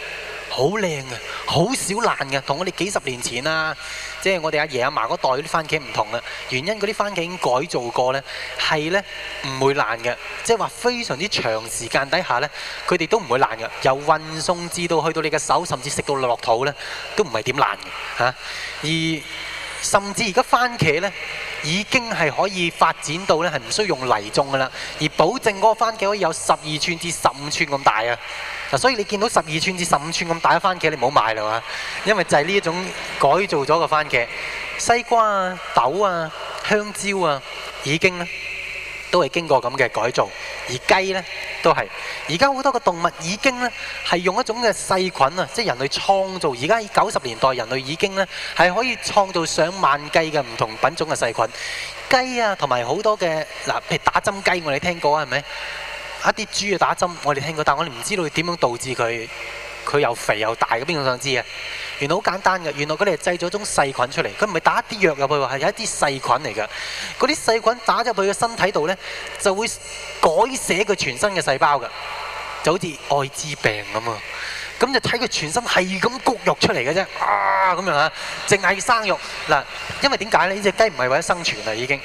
好靚啊，好少爛嘅，同我哋幾十年前啊，即係我哋阿爺阿嫲嗰代嗰啲番茄唔同啦。原因嗰啲番茄已經改造過呢，係呢唔會爛嘅，即係話非常之長時間底下呢，佢哋都唔會爛嘅。由運送至到去到你嘅手，甚至食到落肚呢，都唔係點爛嘅吓。而甚至而家番茄呢，已經係可以發展到呢係唔需要用泥種噶啦，而保證嗰個番茄可以有十二寸至十五寸咁大啊！所以你見到十二寸至十五寸咁大嘅番茄，你唔好買啦嘛，因為就係呢一種改造咗嘅番茄、西瓜啊、豆啊、香蕉啊，已經咧。都係經過咁嘅改造，而雞呢都係，而家好多個動物已經呢係用一種嘅細菌啊，即係人類創造。而家九十年代人類已經呢係可以創造上萬計嘅唔同品種嘅細菌。雞啊，同埋好多嘅嗱，譬如打針雞，我哋聽過啊，係咪？一啲豬嘅打針，我哋聽過，但係我哋唔知道點樣導致佢。佢又肥又大，咁邊個想知啊？原來好簡單嘅，原來佢哋製咗種細菌出嚟，佢唔係打一啲藥入去喎，係有一啲細菌嚟嘅。嗰啲細菌打入去嘅身體度呢，就會改寫佢全身嘅細胞嘅，就好似愛滋病咁啊！咁就睇佢全身係咁谷肉出嚟嘅啫，啊咁樣啊，淨係生肉嗱，因為點解呢？呢隻雞唔係為咗生存啦，已經。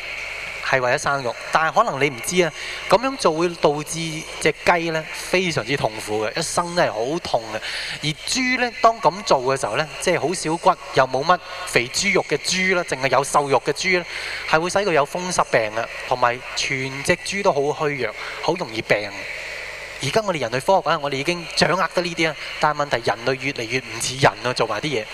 係為咗生肉，但係可能你唔知啊，咁樣做會導致隻雞呢非常之痛苦嘅，一生都係好痛嘅。而豬呢，當咁做嘅時候呢，即係好少骨，又冇乜肥豬肉嘅豬啦，淨係有瘦肉嘅豬呢，係會使到有風濕病啊，同埋全隻豬都好虛弱，好容易病。而家我哋人類科學家，我哋已經掌握得呢啲啊，但係問題人類越嚟越唔似人啊，做埋啲嘢。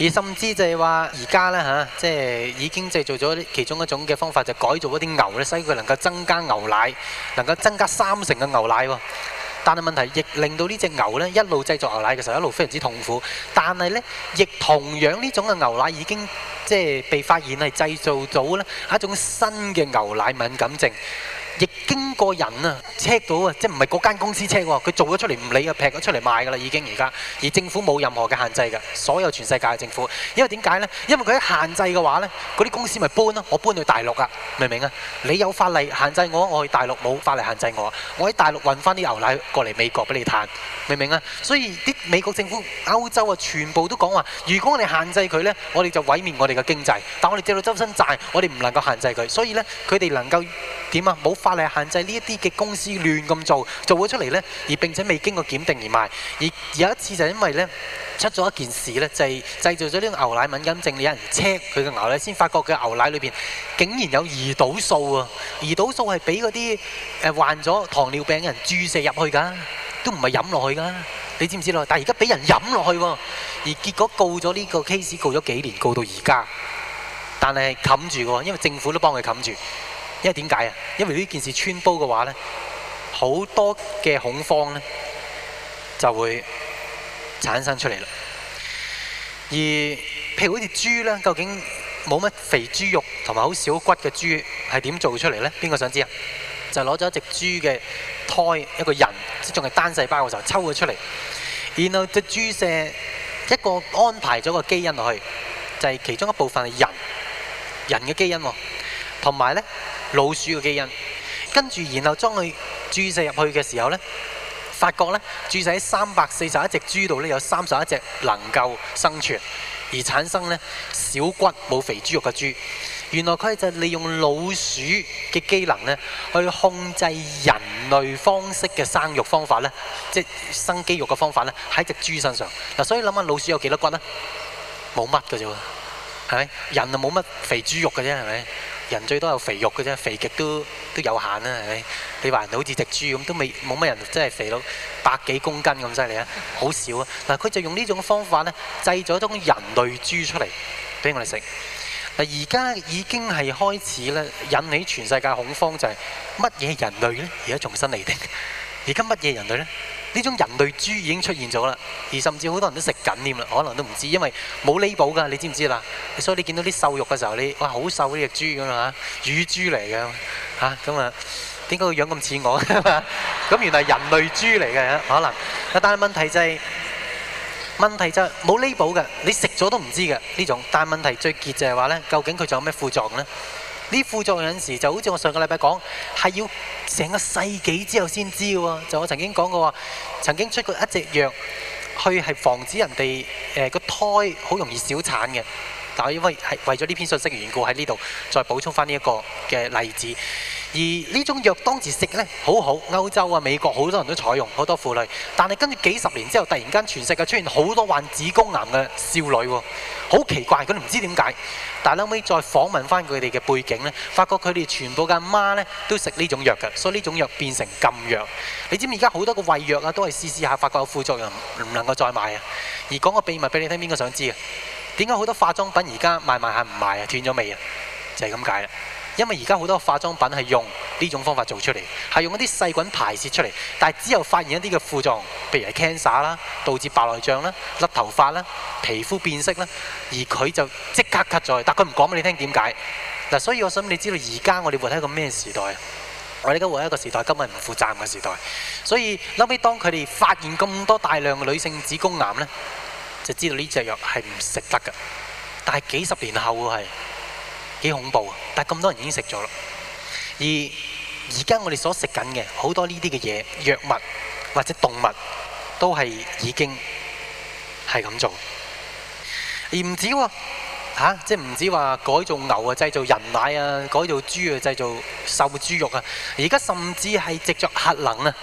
而甚至就係話，而家呢，嚇，即係已經製造咗其中一種嘅方法，就改造一啲牛呢，使佢能夠增加牛奶，能夠增加三成嘅牛奶喎。但係問題亦令到呢隻牛呢一路製造牛奶嘅時候，一路非常之痛苦。但係呢，亦同樣呢種嘅牛奶已經即係被發現係製造咗呢一種新嘅牛奶敏感症。亦經過人啊 check 到啊，即係唔係嗰間公司 check 喎？佢做咗出嚟唔理啊，劈咗出嚟賣㗎啦，已經而家。而政府冇任何嘅限制㗎，所有全世界嘅政府。因為點解呢？因為佢一限制嘅話呢，嗰啲公司咪搬咯，我搬去大陸啊，明唔明啊？你有法例限制我，我去大陸；冇法例限制我，我喺大陸運翻啲牛奶過嚟美國俾你嘆，明唔明啊？所以啲美國政府、歐洲啊，全部都講話，如果我哋限制佢呢，我哋就毀滅我哋嘅經濟。但我哋借到周身債，我哋唔能夠限制佢。所以呢，佢哋能夠點啊？冇法。係限制呢一啲嘅公司亂咁做，做咗出嚟咧，而並且未經過檢定而賣。而有一次就因為咧出咗一件事咧，就係製造咗呢個牛奶敏感症。有人 check 佢嘅牛奶，先發覺佢牛奶裏邊竟然有胰島素喎。胰島素係俾嗰啲誒患咗糖尿病嘅人注射入去㗎，都唔係飲落去㗎。你知唔知道？但係而家俾人飲落去喎，而結果告咗呢個 case，告咗幾年，告到而家，但係冚住㗎，因為政府都幫佢冚住。因為點解啊？因為呢件事穿煲嘅話呢，好多嘅恐慌呢就會產生出嚟啦。而譬如好似豬呢，究竟冇乜肥豬肉同埋好少骨嘅豬係點做出嚟呢？邊個想知啊？就攞咗一隻豬嘅胎一個人，即仲係單細胞嘅時候抽咗出嚟，然後隻豬射一個安排咗個基因落去，就係其中一部分係人，人嘅基因喎。同埋咧老鼠嘅基因，跟住然後將佢注射入去嘅時候咧，發覺咧注射喺三百四十一隻豬度咧，有三十一隻能夠生存而產生咧小骨冇肥豬肉嘅豬。原來佢就利用老鼠嘅機能咧，去控制人類方式嘅生育方法咧，即係生肌肉嘅方法咧，喺隻豬身上嗱。所以諗下老鼠有幾多骨啊？冇乜嘅啫喎，係咪？人就冇乜肥豬肉嘅啫，係咪？人最多有肥肉嘅啫，肥極都都有限啦，係咪？你話人哋好似隻豬咁，都未冇乜人真係肥到百幾公斤咁犀利啊，好少啊！嗱，佢就用呢種方法咧，製咗種人類豬出嚟俾我哋食。嗱，而家已經係開始咧，引起全世界恐慌就係乜嘢人類咧？而家重新嚟定，而家乜嘢人類咧？呢種人類豬已經出現咗啦，而甚至好多人都食緊添啦，可能都唔知，因為冇呢 a b 㗎，你知唔知啦？所以你見到啲瘦肉嘅時候，你哇，好瘦呢隻豬咁啊，乳豬嚟嘅吓，咁啊點解個樣咁似我咁 *laughs* 原來人類豬嚟嘅可能，但係問題就係、是、問題就冇呢 a b 㗎，你食咗都唔知㗎呢種。但係問題最結就係話呢，究竟佢仲有咩副作用呢？呢副作用有陣時就好似我上個禮拜講，係要成個世紀之後先知嘅喎。就我曾經講過話，曾經出過一隻藥，去係防止人哋誒個胎好容易小產嘅。但係因為係為咗呢篇信息嘅緣故，喺呢度再補充返呢一個嘅例子。而呢種藥當時食呢，好好，歐洲啊美國好多人都採用，好多婦女。但係跟住幾十年之後，突然間全世界出現好多患子宮癌嘅少女，好奇怪，佢哋唔知點解。但係後尾再訪問翻佢哋嘅背景呢，發覺佢哋全部嘅媽呢都食呢種藥嘅，所以呢種藥變成禁藥。你知唔知而家好多個胃藥啊都係試試下，發覺有副作用，唔能夠再買啊。而講個秘密俾你聽，邊個想知啊？點解好多化妝品而家賣賣下唔賣啊？斷咗尾啊，就係咁解啦。因為而家好多化妝品係用呢種方法做出嚟，係用一啲細菌排泄出嚟，但係只有發現一啲嘅副狀，譬如係 cancer 啦，導致白內障啦、甩頭髮啦、皮膚變色啦，而佢就即刻 cut 咗。但佢唔講俾你聽點解。嗱，所以我想你知道而家我哋活喺一個咩時代？我哋而家活喺一個時代，根本唔負責任嘅時代。所以後屘當佢哋發現咁多大量嘅女性子宮癌呢，就知道呢隻藥係唔食得㗎。但係幾十年後係。幾恐怖啊！但咁多人已經食咗啦。而而家我哋所食緊嘅好多呢啲嘅嘢，藥物或者動物都係已經係咁做。而唔止喎，即係唔止話改做牛啊，製造人奶啊，改做豬啊，製造瘦豬肉啊。而家甚至係藉著核能啊，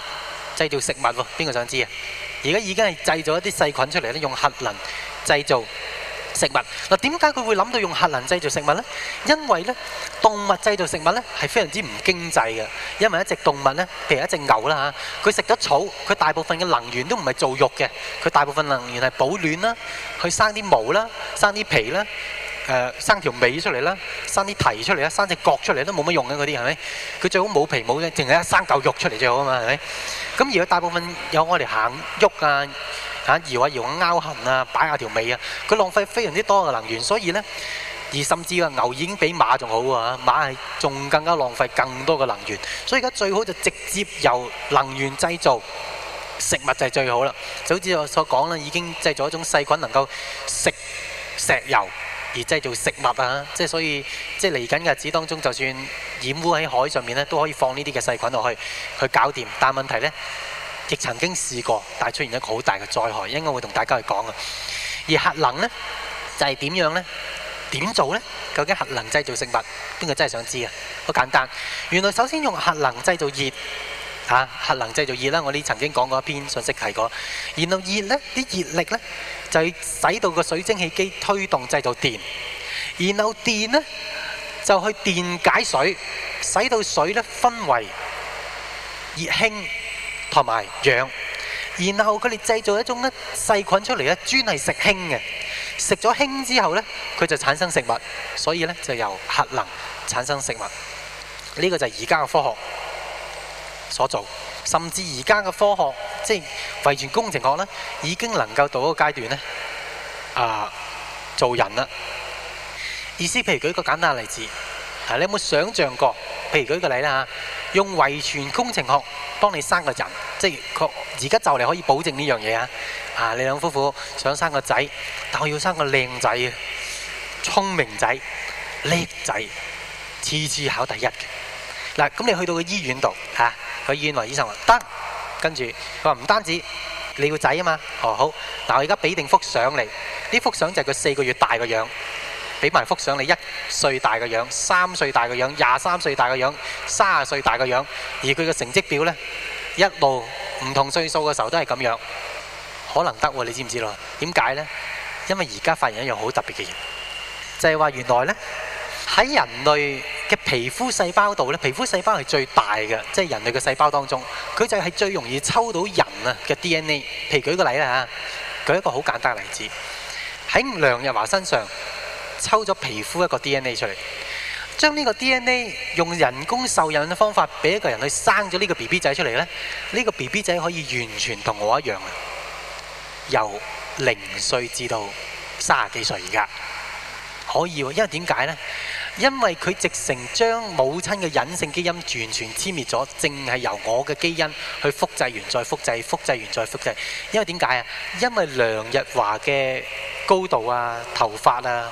製造食物喎。邊個想知啊？而家已經係製造一啲細菌出嚟咧，用核能製造。食物嗱，點解佢會諗到用核能製造食物呢？因為咧，動物製造食物呢係非常之唔經濟嘅，因為一隻動物呢，譬如一隻牛啦嚇，佢食咗草，佢大部分嘅能源都唔係做肉嘅，佢大部分能源係保暖啦，佢生啲毛啦，生啲皮啦，誒、呃，生條尾出嚟啦，生啲蹄出嚟啦，生隻角出嚟都冇乜用嘅嗰啲係咪？佢最好冇皮冇嘅，淨係生嚿肉出嚟最好啊嘛係咪？咁而家大部分有我哋行喐啊！嚇，搖啊搖啊，勾痕啊，擺下條尾啊，佢浪費非常之多嘅能源，所以呢，而甚至啊，牛已經比馬仲好啊。嚇，馬係仲更加浪費更多嘅能源，所以而家最好就直接由能源製造食物就係最好啦。就好似我所講啦，已經製造一種細菌能夠食石油而製造食物啊，即係所以即係嚟緊嘅日子當中，就算染污喺海上面呢，都可以放呢啲嘅細菌落去去搞掂。但問題呢。亦曾經試過，但係出現一個好大嘅災害，應該會同大家去講啊。而核能咧，就係點樣咧？點做咧？究竟核能製造食物，邊個真係想知啊？好簡單，原來首先用核能製造熱，嚇核能製造熱啦。我哋曾經講過一篇信息提過。然後熱咧，啲熱力咧，就係使到個水蒸氣機推動製造電。然後電咧，就去電解水，使到水咧分為熱氫，同埋氧，然後佢哋製造一種咧細菌出嚟咧，專係食氫嘅。食咗氫之後咧，佢就產生食物，所以咧就由核能產生食物。呢、這個就係而家嘅科學所做，甚至而家嘅科學，即係遺傳工程學咧，已經能夠到一個階段咧啊、呃，做人啦。意思譬如舉一個簡單例子。嗱，你有冇想象過？譬如舉個例啦嚇，啊，用遺傳工程學幫你生個人，即係確而家就嚟可以保證呢樣嘢啊！啊，你兩夫婦想生個仔，但我要生個靚仔啊，聰明仔、叻仔，次次考第一嘅。嗱，啊，咁你去到個醫院度嚇，去、啊、醫院內醫生話得，跟住佢話唔單止你個仔啊嘛，哦好，嗱我而家俾定幅相嚟，呢幅相就係佢四個月大個樣。俾埋幅相，你一歲大嘅樣、三歲大嘅樣、廿三歲大嘅樣、三十歲大嘅樣，而佢嘅成績表呢，一路唔同歲數嘅時候都係咁樣，可能得你知唔知咯？點解呢？因為而家發現一樣好特別嘅嘢，就係話原來呢，喺人類嘅皮膚細胞度咧，皮膚細胞係最大嘅，即係人類嘅細胞當中，佢就係最容易抽到人啊嘅 DNA。譬如舉個例啦嚇，舉一個好簡單嘅例子喺梁日華身上。抽咗皮膚一個 DNA 出嚟，將呢個 DNA 用人工受孕嘅方法，俾一個人去生咗呢個 B B 仔出嚟呢。呢個 B B 仔可以完全同我一樣啊！由零歲至到三十幾歲而家，可以喎，因為點解呢？因為佢直成將母親嘅隱性基因完全殲滅咗，淨係由我嘅基因去複製完再複製，複製完再複製。因為點解啊？因為梁日華嘅高度啊，頭髮啊。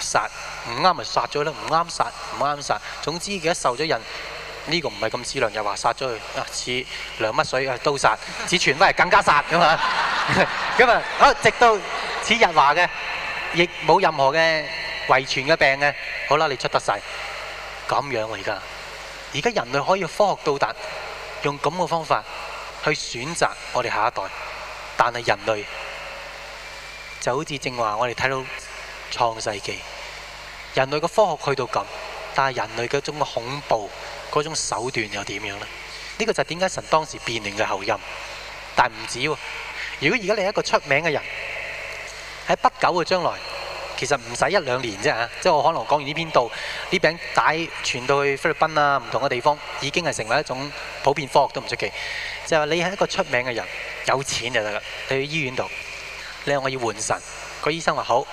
殺唔啱咪殺咗咯，唔啱殺唔啱殺，總之而家受咗孕，呢個唔係咁善良又話殺咗佢，啊似涼乜水啊都殺，似傳威係更加殺咁嘛，咁啊好直到似日話嘅，亦冇任何嘅遺傳嘅病嘅，好啦你出得晒，咁樣我而家，而家人類可以科學到達，用咁嘅方法去選擇我哋下一代，但係人類就好似正話我哋睇到。創世紀，人類嘅科學去到咁，但係人類嗰種恐怖嗰種手段又點樣呢？呢、這個就係點解神當時變亂嘅口音。但係唔止喎，如果而家你係一個出名嘅人，喺不久嘅將來，其實唔使一兩年啫嚇、啊，即係我可能講完呢邊度，呢餅帶傳到去菲律賓啊，唔同嘅地方已經係成為一種普遍科學都唔出奇。就話、是、你係一個出名嘅人，有錢就得啦，你去醫院度，你話我要換腎，個醫生話好。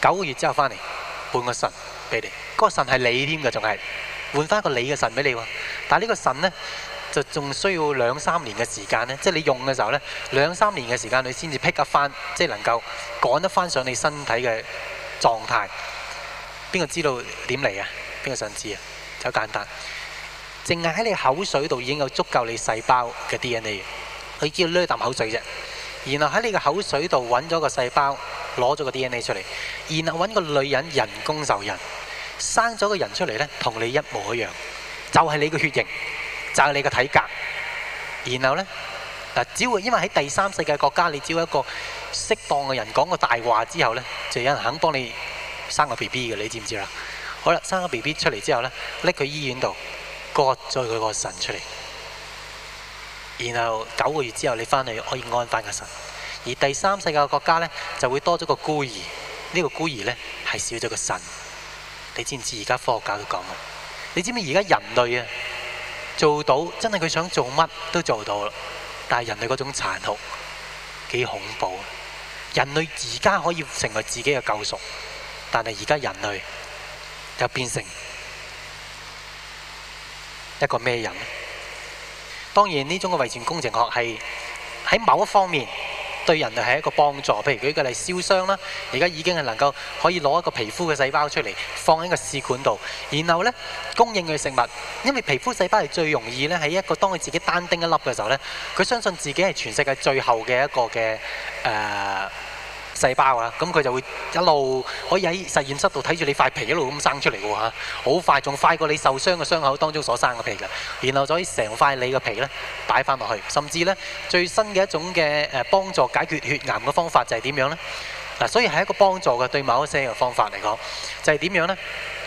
九個月之後返嚟，換個腎俾你，嗰、那個腎係你添嘅，仲係換翻個你嘅腎俾你喎。但係呢個腎呢,就仲需要兩三年嘅時間呢，即、就、係、是、你用嘅時候呢，兩三年嘅時間你先至 pick up 翻，即係能夠趕得翻上你身體嘅狀態。邊個知道點嚟啊？邊個想知啊？就好簡單，淨係喺你口水度已經有足夠你細胞嘅 DNA，佢只要攞啖口水啫。然後喺你個口水度揾咗個細胞，攞咗個 DNA 出嚟，然後揾個女人人工受孕，生咗個人出嚟呢，同你一模一樣，就係你嘅血型，就係你嘅體格。然後呢，只要因為喺第三世界國家，你只要一個適當嘅人講個大話之後呢，就有人肯幫你生個 BB 嘅，你知唔知呀？好啦，生個 BB 出嚟之後呢，拎佢醫院度割咗佢個腎出嚟。然後九個月之後你翻去可以安翻個腎。而第三世界嘅國家呢，就會多咗個孤兒。呢個孤兒呢，係少咗個腎。你知唔知而家科學家都講啊？你知唔知而家人類啊做到真係佢想做乜都做到啦。但係人類嗰種殘酷幾恐怖啊！人類而家可以成為自己嘅救贖，但係而家人類就變成一個咩人？當然呢種嘅遺傳工程學係喺某一方面對人類係一個幫助，譬如舉個例燒傷啦，而家已經係能夠可以攞一個皮膚嘅細胞出嚟放喺個試管度，然後呢供應佢食物，因為皮膚細胞係最容易呢喺一個當佢自己單丁一粒嘅時候呢，佢相信自己係全世界最後嘅一個嘅誒。細胞啊，咁佢就會一路可以喺實驗室度睇住你塊皮一路咁生出嚟嘅喎嚇，好快仲快過你受傷嘅傷口當中所生嘅皮㗎，然後就可以成塊你嘅皮咧擺翻落去，甚至咧最新嘅一種嘅誒幫助解決血癌嘅方法就係點樣呢？嗱，所以係一個幫助嘅對某一些嘅方法嚟講，就係點樣呢？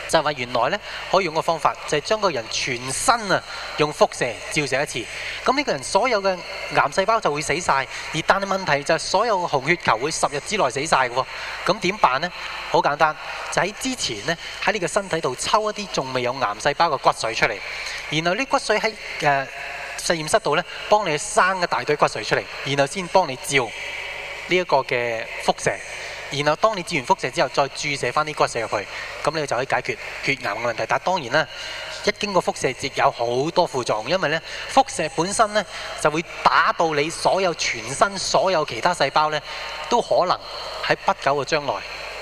就話原來咧可以用個方法，就係將個人全身啊用輻射照射一次。咁呢個人所有嘅癌細胞就會死晒，而但係問題就係所有紅血球會十日之內死晒嘅喎。咁點辦呢？好簡單，就喺之前呢，喺你嘅身體度抽一啲仲未有癌細胞嘅骨髓出嚟。然後呢骨髓喺誒實驗室度呢，幫你生一大堆骨髓出嚟，然後先幫你照呢一個嘅輻射。然後當你接完輻射之後，再注射翻啲骨髓入去，咁你就可以解決血癌嘅問題。但係當然啦，一經過輻射，有好多副作用，因為呢輻射本身呢，就會打到你所有全身所有其他細胞呢，都可能喺不久嘅將來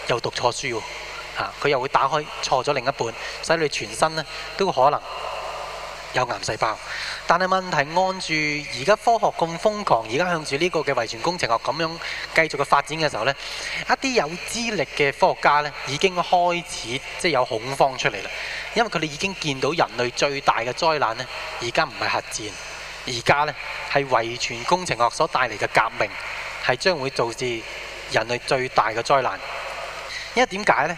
又讀錯書喎。佢、啊、又會打開錯咗另一半，使你全身呢，都可能。有癌細胞，但係問題，按住而家科學咁瘋狂，而家向住呢個嘅遺傳工程學咁樣繼續嘅發展嘅時候呢，一啲有資歷嘅科學家呢，已經開始即係有恐慌出嚟啦，因為佢哋已經見到人類最大嘅災難呢，而家唔係核戰，而家呢係遺傳工程學所帶嚟嘅革命，係將會導致人類最大嘅災難。因為點解呢？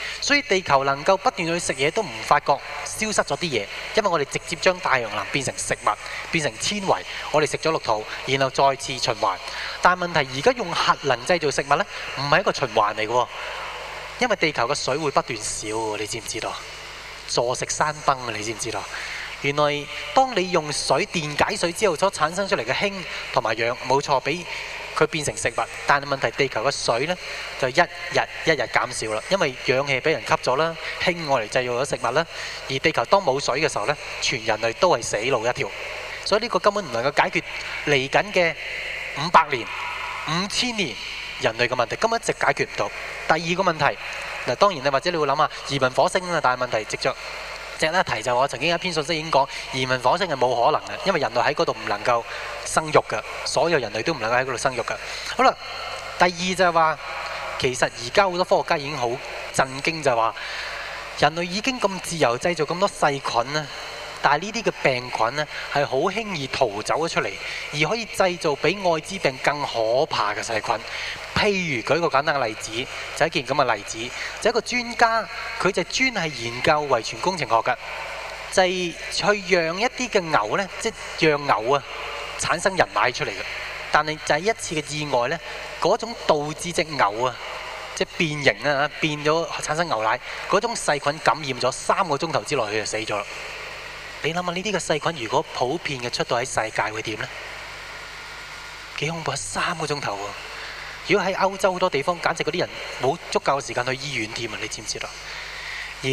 所以地球能夠不斷去食嘢都唔發覺消失咗啲嘢，因為我哋直接將太陽能變成食物，變成纖維，我哋食咗落肚，然後再次循環。但係問題而家用核能製造食物呢，唔係一個循環嚟嘅，因為地球嘅水會不斷少，你知唔知道？坐食山崩啊！你知唔知道？原來當你用水電解水之後所產生出嚟嘅氫同埋氧，冇錯，比，佢變成食物，但係問題地球嘅水呢就一日一日減少啦，因為氧氣俾人吸咗啦，氫我哋製造咗食物啦，而地球當冇水嘅時候呢，全人類都係死路一條。所以呢個根本唔能夠解決嚟緊嘅五百年、五千年人類嘅問題，根本一直解決唔到。第二個問題嗱，當然你或者你會諗下，移民火星啊，但係問題直著。值得一提就係我曾經有一篇信息已經講，移民火星係冇可能嘅，因為人類喺嗰度唔能夠生育嘅，所有人類都唔能夠喺嗰度生育嘅。好啦，第二就係話，其實而家好多科學家已經好震驚，就係話人類已經咁自由製造咁多細菌咧。但係呢啲嘅病菌呢，係好輕易逃走咗出嚟，而可以製造比艾滋病更可怕嘅細菌。譬如舉個簡單嘅例子，就是、一件咁嘅例子，就是、一個專家佢就專係研究遺傳工程學嘅，就係、是、去養一啲嘅牛呢，即、就、係、是、養牛啊，產生人奶出嚟嘅。但係就係一次嘅意外呢，嗰種導致隻牛啊，即、就、係、是、變形啊，變咗產生牛奶嗰種細菌感染咗三個鐘頭之內，佢就死咗啦。你諗下呢啲嘅細菌，如果普遍嘅出到喺世界，會點呢？幾恐怖！三個鐘頭喎，如果喺歐洲好多地方，簡直嗰啲人冇足夠時間去醫院添啊！你知唔知道？而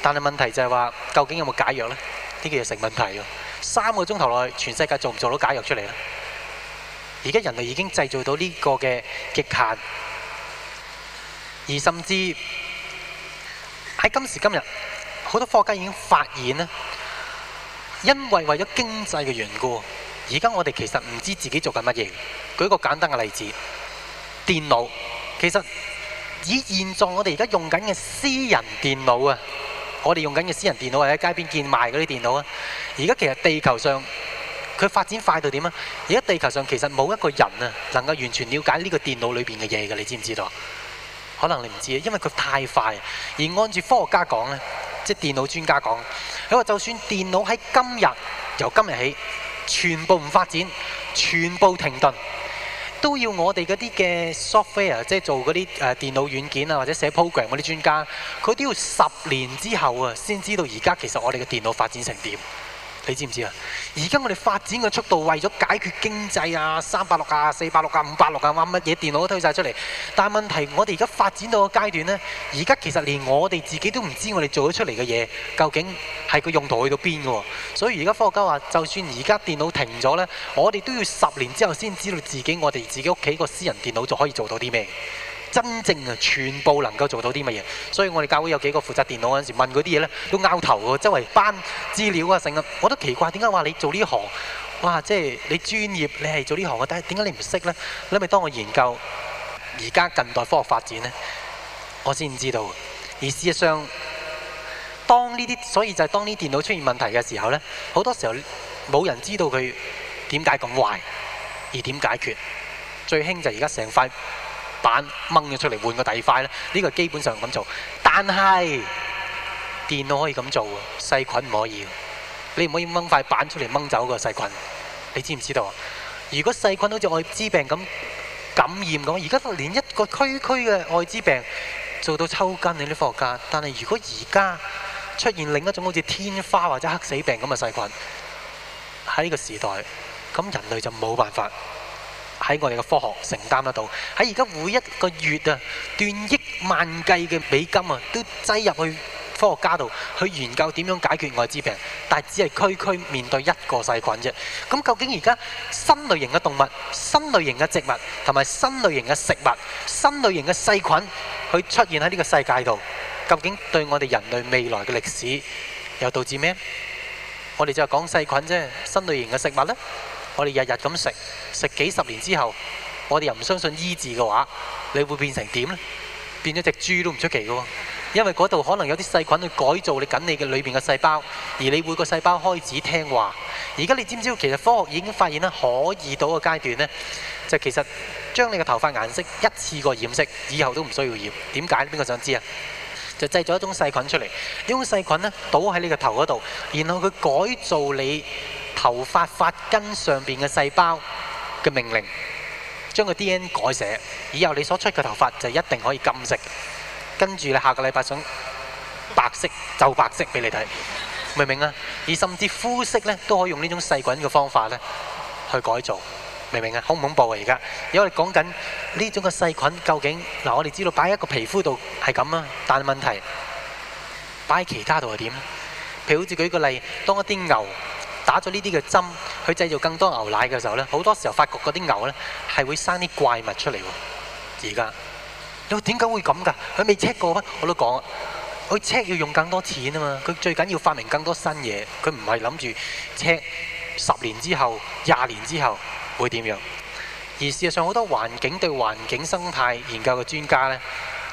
但係問題就係話，究竟有冇解藥呢？呢個又成問題喎。三個鐘頭內，全世界做唔做到解藥出嚟呢？而家人類已經製造到呢個嘅極限，而甚至喺今時今日，好多科學家已經發現咧。因為為咗經濟嘅緣故，而家我哋其實唔知自己做緊乜嘢。舉個簡單嘅例子，電腦其實以現在我哋而家用緊嘅私人電腦啊，我哋用緊嘅私人電腦，或者街邊見賣嗰啲電腦啊，而家其實地球上佢發展快到點啊？而家地球上其實冇一個人啊能夠完全了解呢個電腦裏邊嘅嘢嘅，你知唔知道？可能你唔知，因為佢太快。而按住科學家講呢。即電腦專家講，佢話就算電腦喺今日，由今日起，全部唔發展，全部停頓，都要我哋嗰啲嘅 software，即係做嗰啲誒電腦軟件啊，或者寫 program 嗰啲專家，佢都要十年之後啊，先知道而家其實我哋嘅電腦發展成點。你知唔知啊？而家我哋發展嘅速度，為咗解決經濟啊，三百六啊，四百六啊，五百六啊，乜嘢電腦都推晒出嚟。但係問題，我哋而家發展到個階段呢，而家其實連我哋自己都唔知我哋做咗出嚟嘅嘢究竟係個用途去到邊嘅喎。所以而家科學家話，就算而家電腦停咗呢，我哋都要十年之後先知道自己我哋自己屋企個私人電腦就可以做到啲咩。真正啊，全部能夠做到啲乜嘢？所以我哋教會有幾個負責電腦嗰陣時，問嗰啲嘢呢，都拗頭喎。周圍班資料啊，成日我都奇怪，點解話你做呢行？哇，即係你專業，你係做呢行嘅，但係點解你唔識呢？你咪當我研究而家近代科學發展呢？我先知道。而事實上，當呢啲，所以就係當呢電腦出現問題嘅時候呢，好多時候冇人知道佢點解咁壞，而點解決？最興就係而家成塊板掹咗出嚟換個第二塊咧，呢個基本上咁做。但係，電腦可以咁做喎，細菌唔可以。你唔可以掹塊板出嚟掹走個細菌，你知唔知道？如果細菌好似艾滋病咁感染咁，而家連一個區區嘅艾滋病做到抽筋，你啲科學家。但係如果而家出現另一種好似天花或者黑死病咁嘅細菌喺呢個時代，咁人類就冇辦法。喺我哋嘅科學承擔得到，喺而家每一個月啊，斷億萬計嘅美金啊，都擠入去科學家度，去研究點樣解決艾滋病，但係只係區區面對一個細菌啫。咁究竟而家新類型嘅動物、新類型嘅植物同埋新類型嘅食物、新類型嘅細菌，佢出現喺呢個世界度，究竟對我哋人類未來嘅歷史又導致咩？我哋就係講細菌啫，新類型嘅食物呢。我哋日日咁食，食幾十年之後，我哋又唔相信醫治嘅話，你會變成點呢？變咗隻豬都唔出奇㗎喎，因為嗰度可能有啲細菌去改造你緊你嘅裏邊嘅細胞，而你每個細胞開始聽話。而家你知唔知？其實科學已經發現啦，可以到個階段呢，就其實將你嘅頭髮顏色一次過染色，以後都唔需要染。點解？邊個想知啊？就製咗一種細菌出嚟，呢種細菌呢，倒喺你個頭嗰度，然後佢改造你。頭髮髮根上邊嘅細胞嘅命令，將個 DNA 改寫，以後你所出嘅頭髮就一定可以金色。跟住你下個禮拜想白色就白色俾你睇，明唔明啊？而甚至膚色咧都可以用呢種細菌嘅方法咧去改造，明唔明啊？恐唔恐怖啊？而家而我哋講緊呢種嘅細菌究竟嗱，我哋知道擺喺一個皮膚度係咁啊，但問題擺喺其他度係點？譬如好似舉個例，當一啲牛。打咗呢啲嘅針，去製造更多牛奶嘅時候呢，好多時候發覺嗰啲牛呢係會生啲怪物出嚟喎。而家，你話點解會咁㗎？佢未 check 過咩？我都講啊，佢 check 要用更多錢啊嘛。佢最緊要發明更多新嘢，佢唔係諗住 check 十年之後、廿年之後會點樣。而事實上，好多環境對環境生態研究嘅專家呢，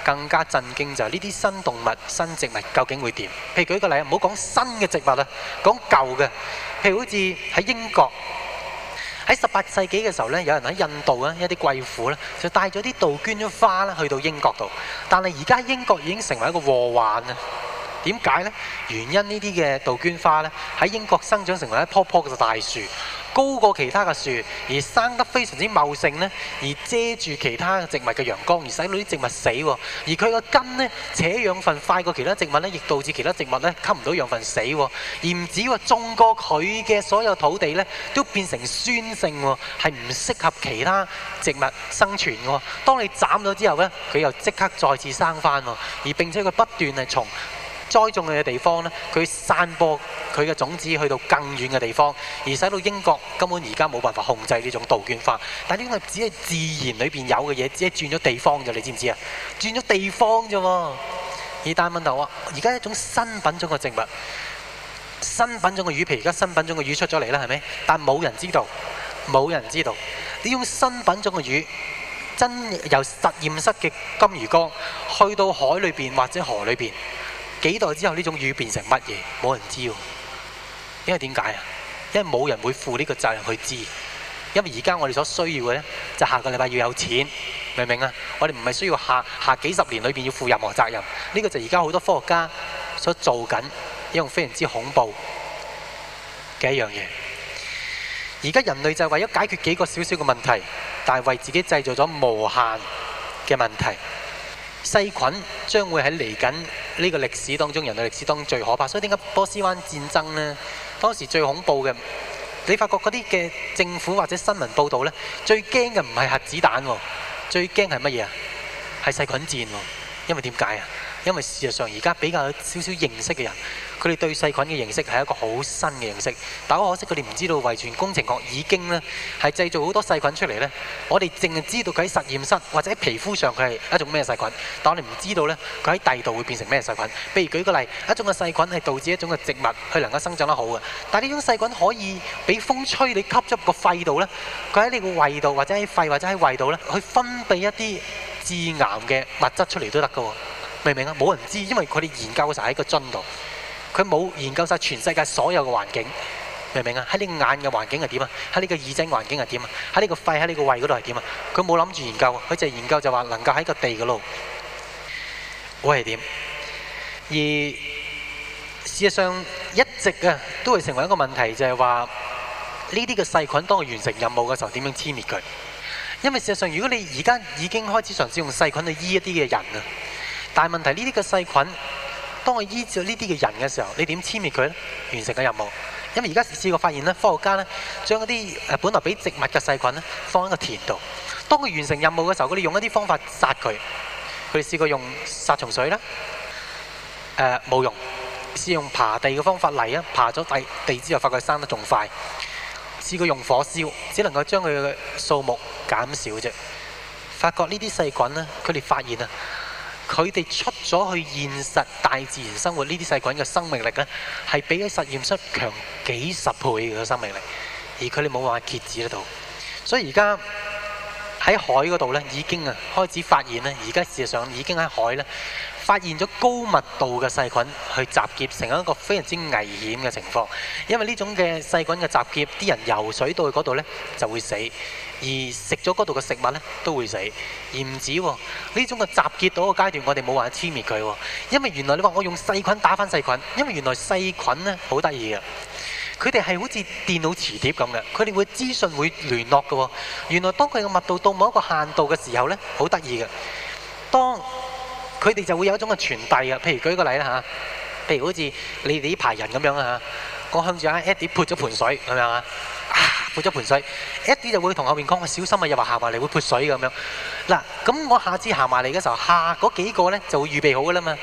更加震驚就係呢啲新動物、新植物究竟會點？譬如舉個例，唔好講新嘅植物啊，講舊嘅。譬如好似喺英國喺十八世紀嘅時候咧，有人喺印度咧一啲貴婦咧，就帶咗啲杜鵑花咧去到英國度。但係而家英國已經成為一個禍患啊！點解呢？原因呢啲嘅杜鵑花咧喺英國生長成為一棵棵嘅大樹。高過其他嘅樹，而生得非常之茂盛呢，而遮住其他嘅植物嘅陽光，而使到啲植物死喎。而佢嘅根呢，搶養分快過其他植物呢，亦導致其他植物呢吸唔到養分死喎。而唔止話種過佢嘅所有土地呢，都變成酸性喎，係唔適合其他植物生存㗎。當你斬咗之後呢，佢又即刻再次生返喎，而並且佢不斷係從，栽種嘅地方咧，佢散播佢嘅種子去到更遠嘅地方，而使到英國根本而家冇辦法控制呢種杜鵑花。但呢種嘅只係自然裏邊有嘅嘢，只係轉咗地方咋，你知唔知啊？轉咗地方咋？而但問題喎，而家一種新品種嘅植物，新品種嘅魚皮，而家新品種嘅魚出咗嚟啦，係咪？但冇人知道，冇人知道呢種新品種嘅魚，真由實驗室嘅金魚缸去到海裏邊或者河裏邊。幾代之後呢種語變成乜嘢，冇人知。因為點解啊？因為冇人會負呢個責任去知。因為而家我哋所需要嘅呢，就是，下個禮拜要有錢，明唔明啊？我哋唔係需要下下幾十年裏邊要負任何責任。呢、呢個就而家好多科學家所做緊，一樣非常之恐怖嘅一樣嘢。而家人類就為咗解決幾個少少嘅問題，但係為自己製造咗無限嘅問題。細菌將會喺嚟緊呢個歷史當中，人類歷史當中最可怕。所以點解波斯灣戰爭呢？當時最恐怖嘅，你發覺嗰啲嘅政府或者新聞報導呢，最驚嘅唔係核子彈喎，最驚係乜嘢啊？係細菌戰喎，因為點解啊？因為事實上而家比較少少認識嘅人。佢哋對細菌嘅認識係一個好新嘅認識，但係好可惜，佢哋唔知道遺傳工程學已經呢係製造好多細菌出嚟呢。我哋淨係知道佢喺實驗室或者喺皮膚上，佢係一種咩細菌，但我哋唔知道呢，佢喺第度會變成咩細菌。譬如舉個例，一種嘅細菌係導致一種嘅植物佢能夠生長得好嘅，但係呢種細菌可以俾風吹，你吸咗個肺度呢，佢喺你個胃度或者喺肺或者喺胃度呢，去分泌一啲致癌嘅物質出嚟都得㗎喎，明唔明啊？冇人知，因為佢哋研究嘅時候喺個樽度。佢冇研究晒全世界所有嘅環境，明唔明啊？喺你眼嘅環境係點啊？喺你個耳仔環境係點啊？喺你個肺、喺你個胃嗰度係點啊？佢冇諗住研究，啊，佢淨係研究就話能夠喺個地度會係點？而事實上一直啊都會成為一個問題，就係話呢啲嘅細菌當佢完成任務嘅時候點樣殲滅佢？因為事實上如果你而家已經開始嘗試用細菌去醫一啲嘅人啊，但係問題呢啲嘅細菌。當佢依照呢啲嘅人嘅時候，你點殲滅佢咧？完成嘅任務。因為而家試過發現咧，科學家咧將嗰啲本來俾植物嘅細菌咧放喺個田度。當佢完成任務嘅時候，佢哋用一啲方法殺佢。佢哋試過用殺蟲水啦，冇、呃、用。試用爬地嘅方法嚟啊，爬咗地地之後，發覺佢生得仲快。試過用火燒，只能夠將佢嘅數目減少啫。發覺呢啲細菌咧，佢哋發現啊。佢哋出咗去現實大自然生活，呢啲細菌嘅生命力咧，係比喺實驗室強幾十倍嘅生命力，而佢哋冇話攰止喺度。所以而家喺海嗰度咧，已經啊開始發現咧，而家事實上已經喺海咧發現咗高密度嘅細菌去集結，成為一個非常之危險嘅情況。因為呢種嘅細菌嘅集結，啲人游水到去嗰度咧就會死。而食咗嗰度嘅食物呢，都會死。而唔止喎，呢種嘅集結到嘅階段，我哋冇話殲滅佢喎。因為原來你話我用細菌打返細菌，因為原來細菌呢，好得意嘅，佢哋係好似電腦磁碟咁嘅，佢哋會資訊會聯絡嘅。原來當佢嘅密度到某一個限度嘅時候呢，好得意嘅。當佢哋就會有一種嘅傳遞嘅，譬如舉個例啦吓，譬如好似你哋呢排人咁樣嚇，我向住阿 Eddie 潑咗盆水咁樣啊。是啊，潑咗盆水，一啲就會同後面講，啊：小心啊！又話行埋嚟會潑水咁樣。嗱，咁我下次行埋嚟嘅時候，下嗰幾個咧就會預備好㗎喇嘛。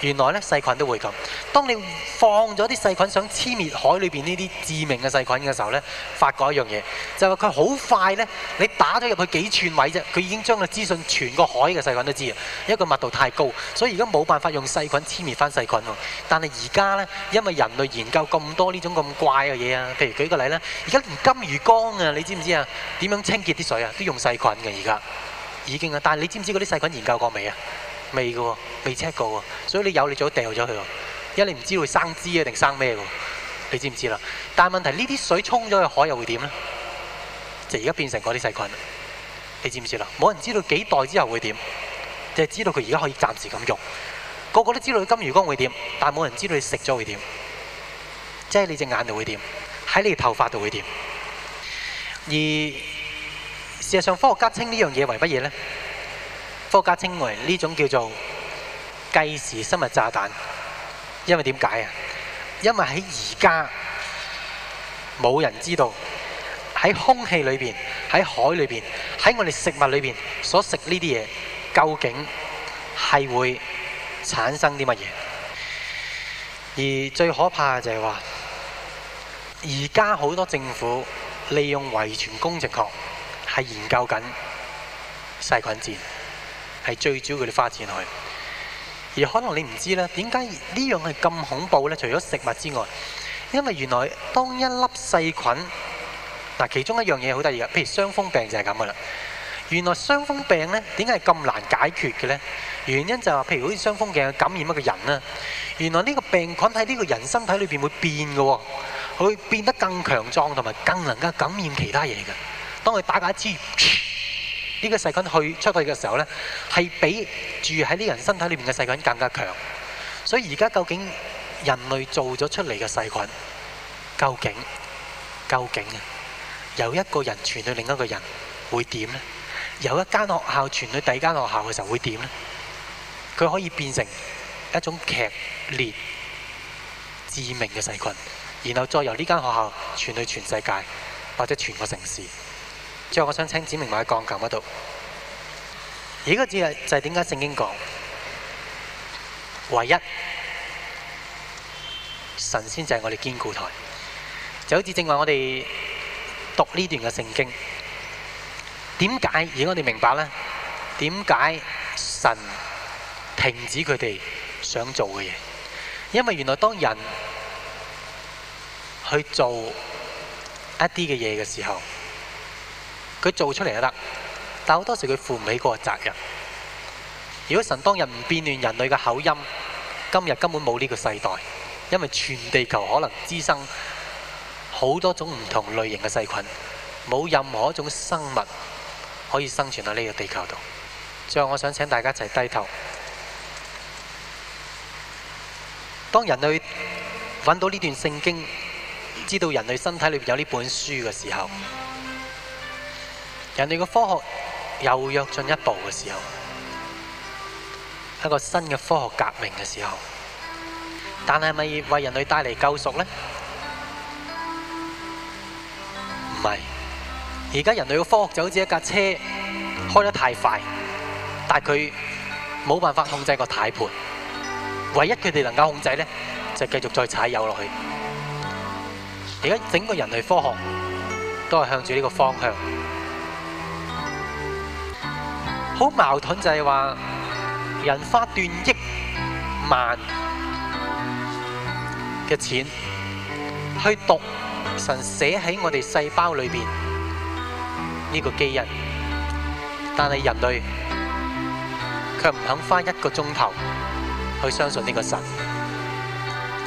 原來呢細菌都會咁。當你放咗啲細菌想殲滅海裏邊呢啲致命嘅細菌嘅時候呢，發覺一樣嘢，就係話佢好快呢，你打咗入去幾寸位啫，佢已經將個資訊全個海嘅細菌都知啊。因為個密度太高，所以而家冇辦法用細菌殲滅翻細菌喎。但係而家呢，因為人類研究咁多呢種咁怪嘅嘢啊，譬如舉個例咧，而家連金魚缸啊，你知唔知啊？點樣清潔啲水啊？都用細菌嘅而家。已經啊！但係你知唔知嗰啲細菌研究過未啊？未㗎喎，未 check 過喎。所以你有你最好掉咗佢喎，因為你唔知道會生枝啊定生咩喎？你知唔知啦？但係問題呢啲水沖咗去海又會點呢？就而家變成嗰啲細菌，你知唔知啦？冇人知道幾代之後會點，就係、是、知道佢而家可以暫時咁用。個個都知道金魚缸會點，但係冇人知道你食咗會點。即係你隻眼度會點，喺你頭髮度會點，而。事實上，科學家稱呢樣嘢為乜嘢呢？科學家稱為呢種叫做計時生物炸彈，因為點解啊？因為喺而家冇人知道喺空氣裏邊、喺海裏邊、喺我哋食物裏邊所食呢啲嘢，究竟係會產生啲乜嘢？而最可怕嘅就係話，而家好多政府利用遺傳工程學。係研究緊細菌戰，係最主要佢哋發展去。而可能你唔知咧，點解呢樣係咁恐怖咧？除咗食物之外，因為原來當一粒細菌嗱，其中一樣嘢好得意嘅，譬如傷風病就係咁噶啦。原來傷風病咧，點解係咁難解決嘅咧？原因就係話，譬如好似傷風病感染一個人啦，原來呢個病菌喺呢個人身體裏邊會變嘅，佢會變得更強壯同埋更能夠感染其他嘢嘅。當佢打假之後，呢個細菌去出去嘅時候呢，係比住喺呢個人身體裏面嘅細菌更加強。所以而家究竟人類做咗出嚟嘅細菌，究竟究竟啊？由一個人傳去另一個人會點呢？由一間學校傳去第二間學校嘅時候會點呢？佢可以變成一種劇烈致命嘅細菌，然後再由呢間學校傳去全世界或者全個城市。最後我想請指明埋喺鋼琴嗰度。而家只係就係點解聖經講，唯一神仙就係我哋堅固台，就好似正話我哋讀呢段嘅聖經，點解而家我哋明白咧？點解神停止佢哋想做嘅嘢？因為原來當人去做一啲嘅嘢嘅時候，佢做出嚟就得，但好多時佢負唔起嗰個責任。如果神當日唔變亂人類嘅口音，今日根本冇呢個世代，因為全地球可能滋生好多種唔同類型嘅細菌，冇任何一種生物可以生存喺呢個地球度。最後，我想請大家一齊低頭。當人類揾到呢段聖經，知道人類身體裏面有呢本書嘅時候。人類嘅科學又躍進一步嘅時候，係一個新嘅科學革命嘅時候，但係咪為人類帶嚟救贖咧？唔係。而家人類嘅科學就好似一架車開得太快，但係佢冇辦法控制個軚盤。唯一佢哋能夠控制咧，就係繼續再踩油落去。而家整個人類科學都係向住呢個方向。好矛盾，就係話，人花斷億萬嘅錢去讀神寫喺我哋細胞裏邊呢個基因，但係人類卻唔肯花一個鐘頭去相信呢個神，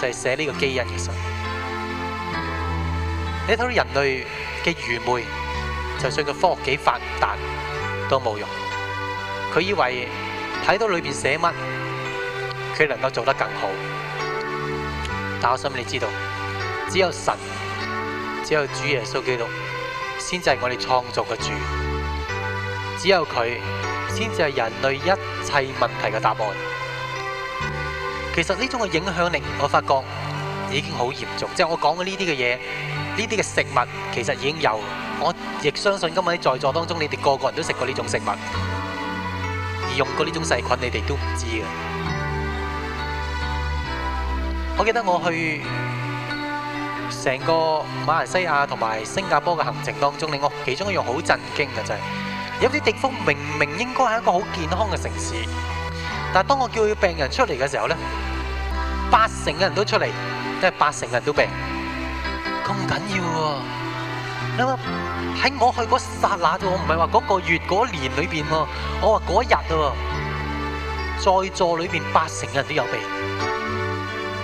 就係寫呢個基因嘅神。你睇到人類嘅愚昧，就算個科學發達都冇用。佢以為睇到裏邊寫乜，佢能夠做得更好。但我心裏知道，只有神，只有主耶穌基督，先至係我哋創造嘅主。只有佢，先至係人類一切問題嘅答案。其實呢種嘅影響力，我發覺已經好嚴重。即係我講嘅呢啲嘅嘢，呢啲嘅食物，其實已經有。我亦相信，今日喺在座當中，你哋個個人都食過呢種食物。用過呢種細菌，你哋都唔知嘅。我記得我去成個馬來西亞同埋新加坡嘅行程當中，令我其中一樣好震驚嘅就係有啲地方明明應該係一個好健康嘅城市，但係當我叫佢病人出嚟嘅時候呢，八成嘅人都出嚟，即係八成人都病。咁緊要喎！喺我去嗰剎那度，我唔係話嗰個月、嗰年裏邊喎，我話嗰一日喎，在座裏邊八成人都有病。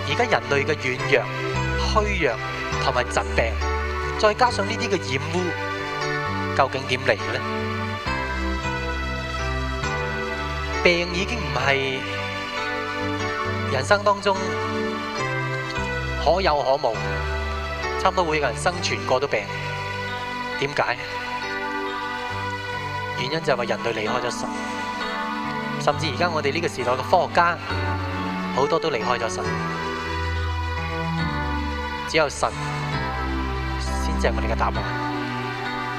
而家人類嘅軟弱、虛弱同埋疾病，再加上呢啲嘅染污，究竟點嚟嘅咧？病已經唔係人生當中可有可無，差唔多每個人生存過都病。點解？原因就係話人類離開咗神，甚至而家我哋呢個時代嘅科學家好多都離開咗神，只有神先至係我哋嘅答案，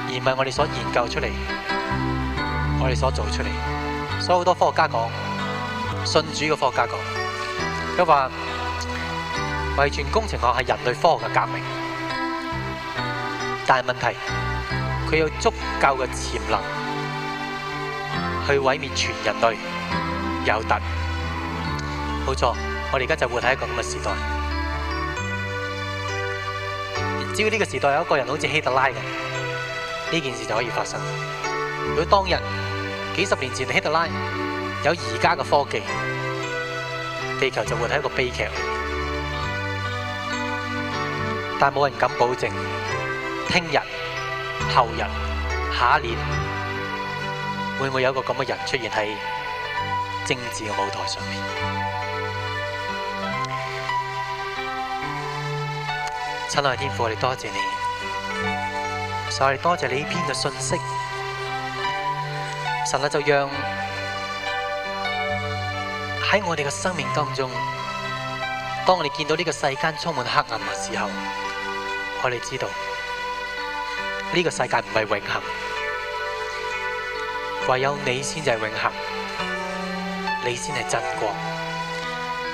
而唔係我哋所研究出嚟，我哋所做出嚟。所以好多科學家講，信主嘅科學家講，佢話遺傳工程學係人類科學嘅革命。但係問題，佢有足夠嘅潛能去毀滅全人類，有得，冇錯。我哋而家就活喺一個咁嘅時代。只要呢個時代有一個人好似希特拉咁，呢件事就可以發生。如果當日幾十年前嘅希特拉有而家嘅科技，地球就會係一個悲劇。但係冇人敢保證。聽日、後日、下一年，會唔會有一個咁嘅人出現喺政治嘅舞台上面？親愛天父，我哋多謝你，所以多謝你呢篇嘅信息。神啊，就讓喺我哋嘅生命當中，當我哋見到呢個世間充滿黑暗嘅時候，我哋知道。呢個世界唔係永恆，唯有你先係永恆，你先係真光。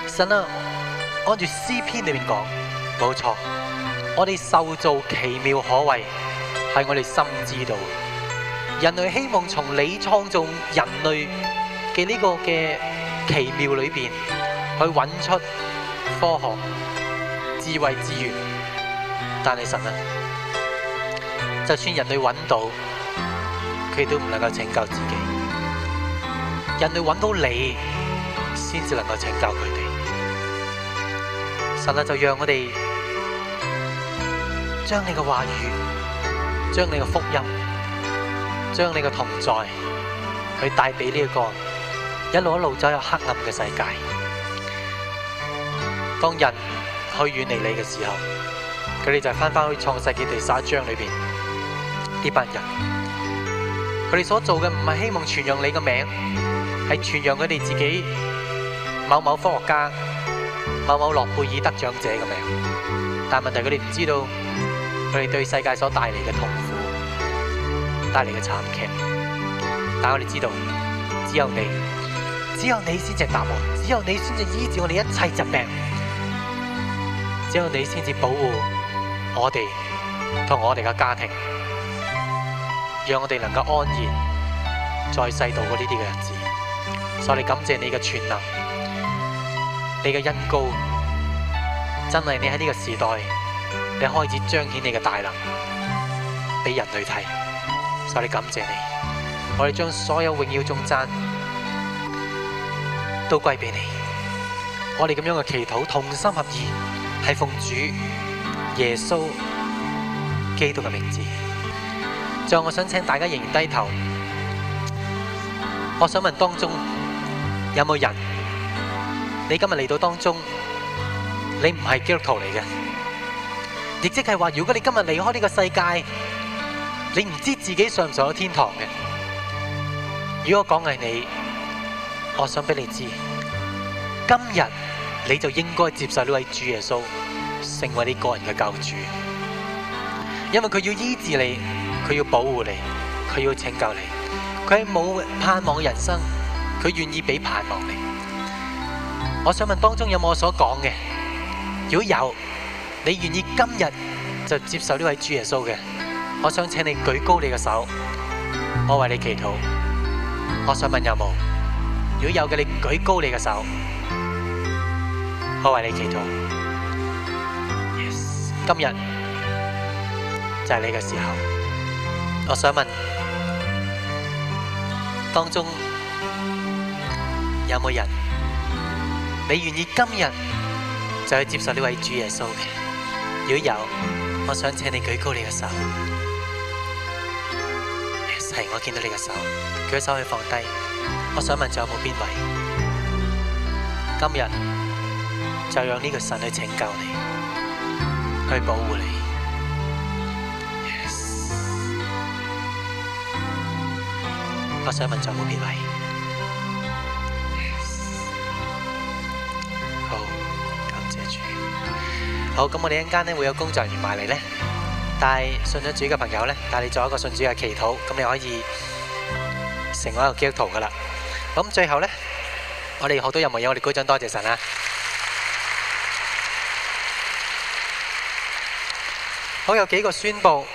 神啊，按住詩篇裏面講，冇錯，我哋受造奇妙可畏，係我哋心知道。人類希望從你創造人類嘅呢個嘅奇妙裏面，去揾出科學智慧資源，但係神啊。就算人類揾到佢都唔能夠拯救自己，人類揾到你先至能夠拯救佢哋。神啊，就讓我哋將你嘅話語、將你嘅福音、將你嘅同在去帶俾呢一個一路一路走入黑暗嘅世界。當人去遠離你嘅時候，佢哋就翻返去創世記第十一章裏邊。呢班人，佢哋所做嘅唔係希望傳揚你嘅名，係傳揚佢哋自己某某科學家、某某諾貝爾得獎者嘅名。但問題佢哋唔知道，佢哋對世界所帶嚟嘅痛苦、帶嚟嘅慘劇。但我哋知道，只有你，只有你先至答我，只有你先至醫治我哋一切疾病，只有你先至保護我哋同我哋嘅家庭。讓我哋能夠安然在世度過呢啲嘅日子，所以我哋感謝你嘅全能，你嘅恩高，真係你喺呢個時代，你開始彰顯你嘅大能，俾人類睇。所以我哋感謝你，我哋將所有榮耀頌讚都歸俾你。我哋咁樣嘅祈禱，同心合意，係奉主耶穌基督嘅名字。再，我想請大家仍然低頭。我想問當中有冇人？你今日嚟到當中，你唔係基督徒嚟嘅，亦即係話，如果你今日離開呢個世界，你唔知自己上唔上咗天堂嘅。如果講係你，我想俾你知，今日你就應該接受呢位主耶穌，成為你個人嘅救主，因為佢要醫治你。佢要保護你，佢要拯救你，佢喺冇盼望嘅人生，佢願意俾盼望你。我想問當中有冇我所講嘅？如果有，你願意今日就接受呢位主耶穌嘅？我想請你舉高你嘅手，我為你祈禱。我想問有冇？如果有嘅，你舉高你嘅手，我為你祈禱。Yes。今日就係你嘅時候。我想問，當中有冇人你願意今日就去接受呢位主耶穌嘅？如果有，我想請你舉高你嘅手。係、yes，我見到你嘅手，舉咗手去放低。我想問還有沒有，仲有冇邊位今日就讓呢個神去拯救你，去保護你？我想問有冇邊位？好，感謝主。好，咁我哋一間呢會有工作人員埋嚟呢，帶信主嘅朋友呢，帶你做一個信主嘅祈禱，咁你可以成為一個基督徒㗎喇。咁最後呢，我哋學到任何嘢，我哋鼓掌多謝神啊！好，有幾個宣佈。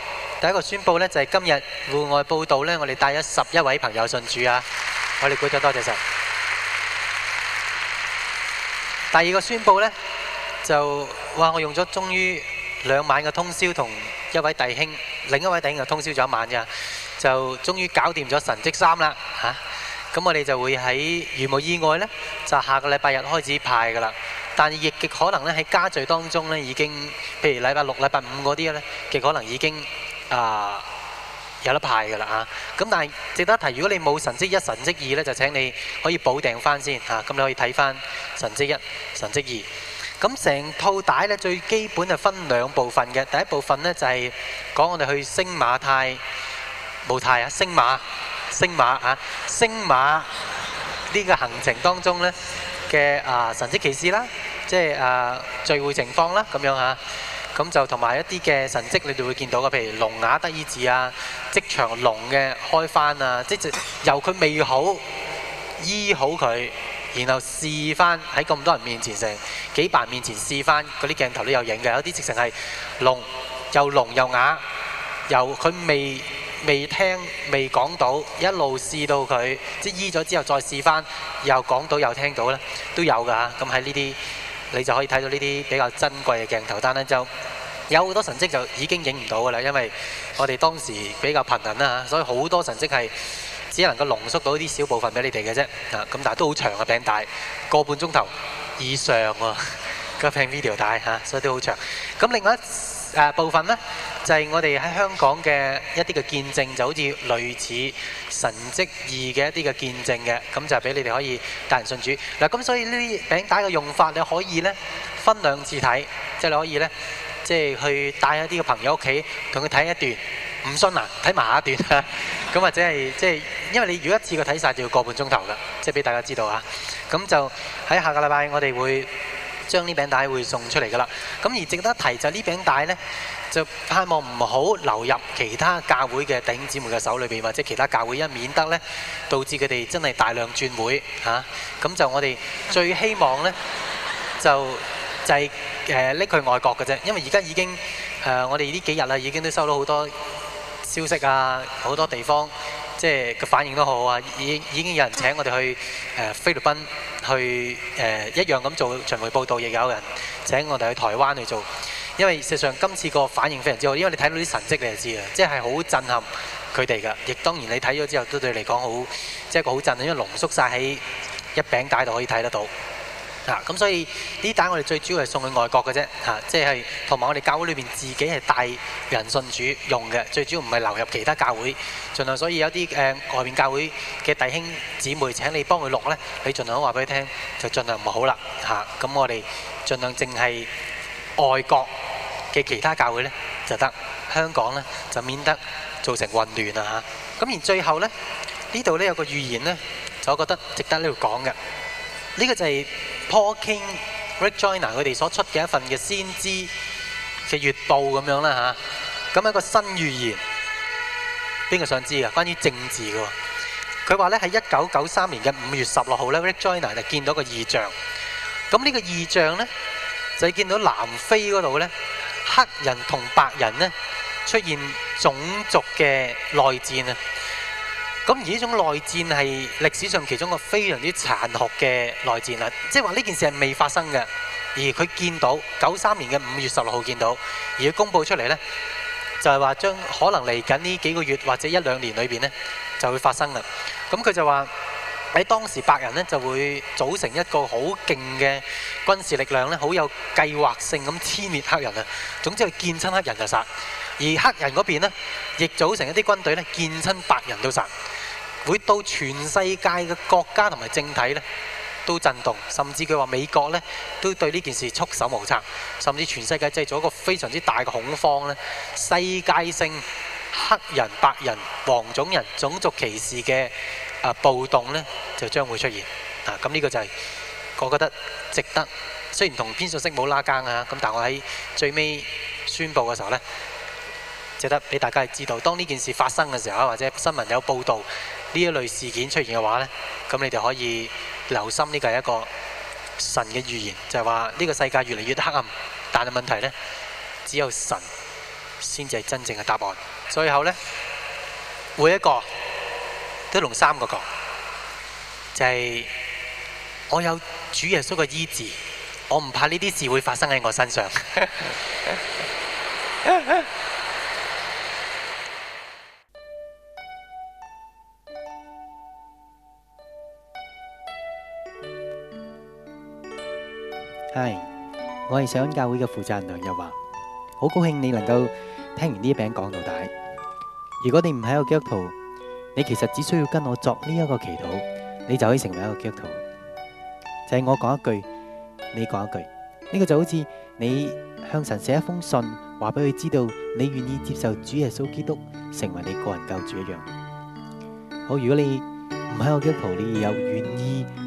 第一個宣佈咧，就係今日戶外佈道咧，我哋帶咗十一位朋友信主啊！我哋舉咗多謝晒。第二個宣佈咧，就哇！我用咗終於兩晚嘅通宵，同一位弟兄，另一位弟兄通宵咗一晚咋，就終於搞掂咗神蹟三啦嚇。咁我哋就會喺如無意外咧，就下個禮拜日開始派噶啦。但亦極可能咧，喺家聚當中咧，已經譬如禮拜六、禮拜五嗰啲咧，極可能已經。啊，有得派噶啦嚇！咁、啊、但係值得提，如果你冇神蹟一、神蹟二呢，就請你可以補訂翻先嚇。咁、啊、你可以睇翻神蹟一、神蹟二。咁成套帶呢，最基本就分兩部分嘅。第一部分呢，就係、是、講我哋去星馬泰、無泰啊，星馬、星馬嚇、啊、星馬呢個行程當中呢嘅啊神蹟奇事啦，即係啊聚會情況啦咁樣嚇、啊。咁就同埋一啲嘅神蹟，你哋會見到嘅，譬如聾啞得醫治啊，即場聾嘅開翻啊，即即由佢未好醫好佢，然後試翻喺咁多人面前，成幾百人面前試翻，嗰啲鏡頭都有影嘅，有啲直情係聾又聾又啞，由佢未未聽未講到，一路試到佢即醫咗之後再試翻，又講到又聽到啦，都有㗎嚇，咁喺呢啲。你就可以睇到呢啲比較珍貴嘅鏡頭，但係就有好多神蹟就已經影唔到㗎啦，因為我哋當時比較貧民啦嚇，所以好多神蹟係只能夠濃縮到一啲小部分俾你哋嘅啫，啊咁，但係都好長嘅，餅帶個半鐘頭以上喎，個餅 video 帶嚇，所以都好長。咁另外。啊、部分呢，就係、是、我哋喺香港嘅一啲嘅見證，就好似類似神蹟二嘅一啲嘅見證嘅，咁就俾你哋可以帶人信主嗱。咁、啊、所以呢啲餅帶嘅用法，你可以呢分兩次睇，即、就、係、是、你可以呢，即、就、係、是、去帶一啲嘅朋友屋企同佢睇一段，唔信啊，睇埋下一段嚇。咁或者係即係，因為你如果一次過睇晒，就要個半鐘頭㗎，即係俾大家知道嚇、啊。咁就喺下個禮拜，我哋會。將呢餅帶會送出嚟㗎啦，咁而值得一提就係呢餅帶呢，就盼望唔好流入其他教會嘅弟兄姊妹嘅手裏邊，或者其他教會，以免得呢導致佢哋真係大量轉會嚇。咁、啊、就我哋最希望呢，就就係誒搦去外國嘅啫，因為而家已經誒、呃、我哋呢幾日啦，已經都收到好多消息啊，好多地方。即係個反應都好好啊！已經已經有人請我哋去誒、呃、菲律賓去誒、呃、一樣咁做巡迴報導，亦有人請我哋去台灣去做。因為事實上今次個反應非常之好，因為你睇到啲神跡你就知啊，即係好震撼佢哋噶。亦當然你睇咗之後都對你嚟講好，即、就、係、是、個好震撼，因為濃縮晒喺一餅帶度可以睇得到。啊，咁所以呢啲蛋我哋最主要係送去外國嘅啫，嚇，即係同埋我哋教會裏邊自己係帶人信主用嘅，最主要唔係流入其他教會，儘量。所以有啲誒外面教會嘅弟兄姊妹請你幫佢錄咧，你儘量話俾佢聽，就儘量唔好啦，嚇。咁我哋儘量淨係外國嘅其他教會咧就得，香港咧就免得造成混亂啦嚇。咁然最後咧呢度咧有個預言咧，就我覺得值得呢度講嘅。呢個就係 Paul King、Rick Joyner 佢哋所出嘅一份嘅先知嘅月報咁樣啦吓，咁一個新預言，邊個想知啊？關於政治嘅，佢話咧喺一九九三年嘅五月十六號咧，Rick Joyner 就見到個異象。咁、這個、呢個異象咧，就係、是、見到南非嗰度咧，黑人同白人咧出現種族嘅內戰啊！咁而呢種內戰係歷史上其中個非常之殘酷嘅內戰啦，即係話呢件事係未發生嘅，而佢見到九三年嘅五月十六號見到，而佢公佈出嚟咧，就係話將可能嚟緊呢幾個月或者一兩年裏邊咧就會發生啦。咁佢就話喺當時白人咧就會組成一個好勁嘅軍事力量咧，好有計劃性咁殲滅黑人啊。總之佢見親黑人就殺，而黑人嗰邊咧亦組成一啲軍隊咧，見親白人都殺。會到全世界嘅國家同埋政體咧都震動，甚至佢話美國咧都對呢件事束手無策，甚至全世界製造咗一個非常之大嘅恐慌咧，世界性黑人、白人、黃種人種族歧視嘅啊、呃、暴動咧就將會出現啊！咁呢個就係、是、我覺得值得。雖然同編述式冇拉更啊，咁但我喺最尾宣布嘅時候呢，值得俾大家知道，當呢件事發生嘅時候或者新聞有報導。呢一類事件出現嘅話呢，咁你哋可以留心，呢個係一個神嘅預言，就係話呢個世界越嚟越黑暗，但係問題呢，只有神先至係真正嘅答案。最後呢，每一個都同三個講，就係、是、我有主耶穌嘅醫治，我唔怕呢啲事會發生喺我身上。 *laughs* *laughs* 係，我係上恩教會嘅負責人梁日華，好高興你能夠聽完呢一餅講道帶。如果你唔喺個基督徒，你其實只需要跟我作呢一個祈禱，你就可以成為一個基督徒。就係我講一句，你講一句，呢個就好似你向神寫一封信，話俾佢知道你願意接受主耶穌基督成為你個人救主一樣。好，如果你唔喺個基督徒，你又願意，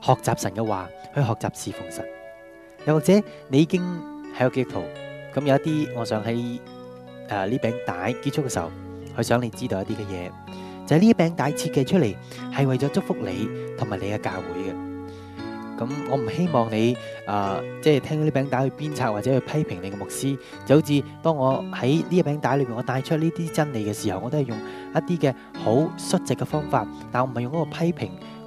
學習神嘅話，去學習侍奉神。又或者你已經喺個基督徒，咁有一啲，我想喺誒呢餅帶結束嘅時候，去想你知道一啲嘅嘢，就係呢一餅帶設計出嚟，係為咗祝福你同埋你嘅教會嘅。咁我唔希望你誒，即係聽到呢餅帶去鞭策或者去批評你嘅牧師。就好似當我喺呢一餅帶裏邊，我帶出呢啲真理嘅時候，我都係用一啲嘅好率直嘅方法，但係我唔係用嗰個批評。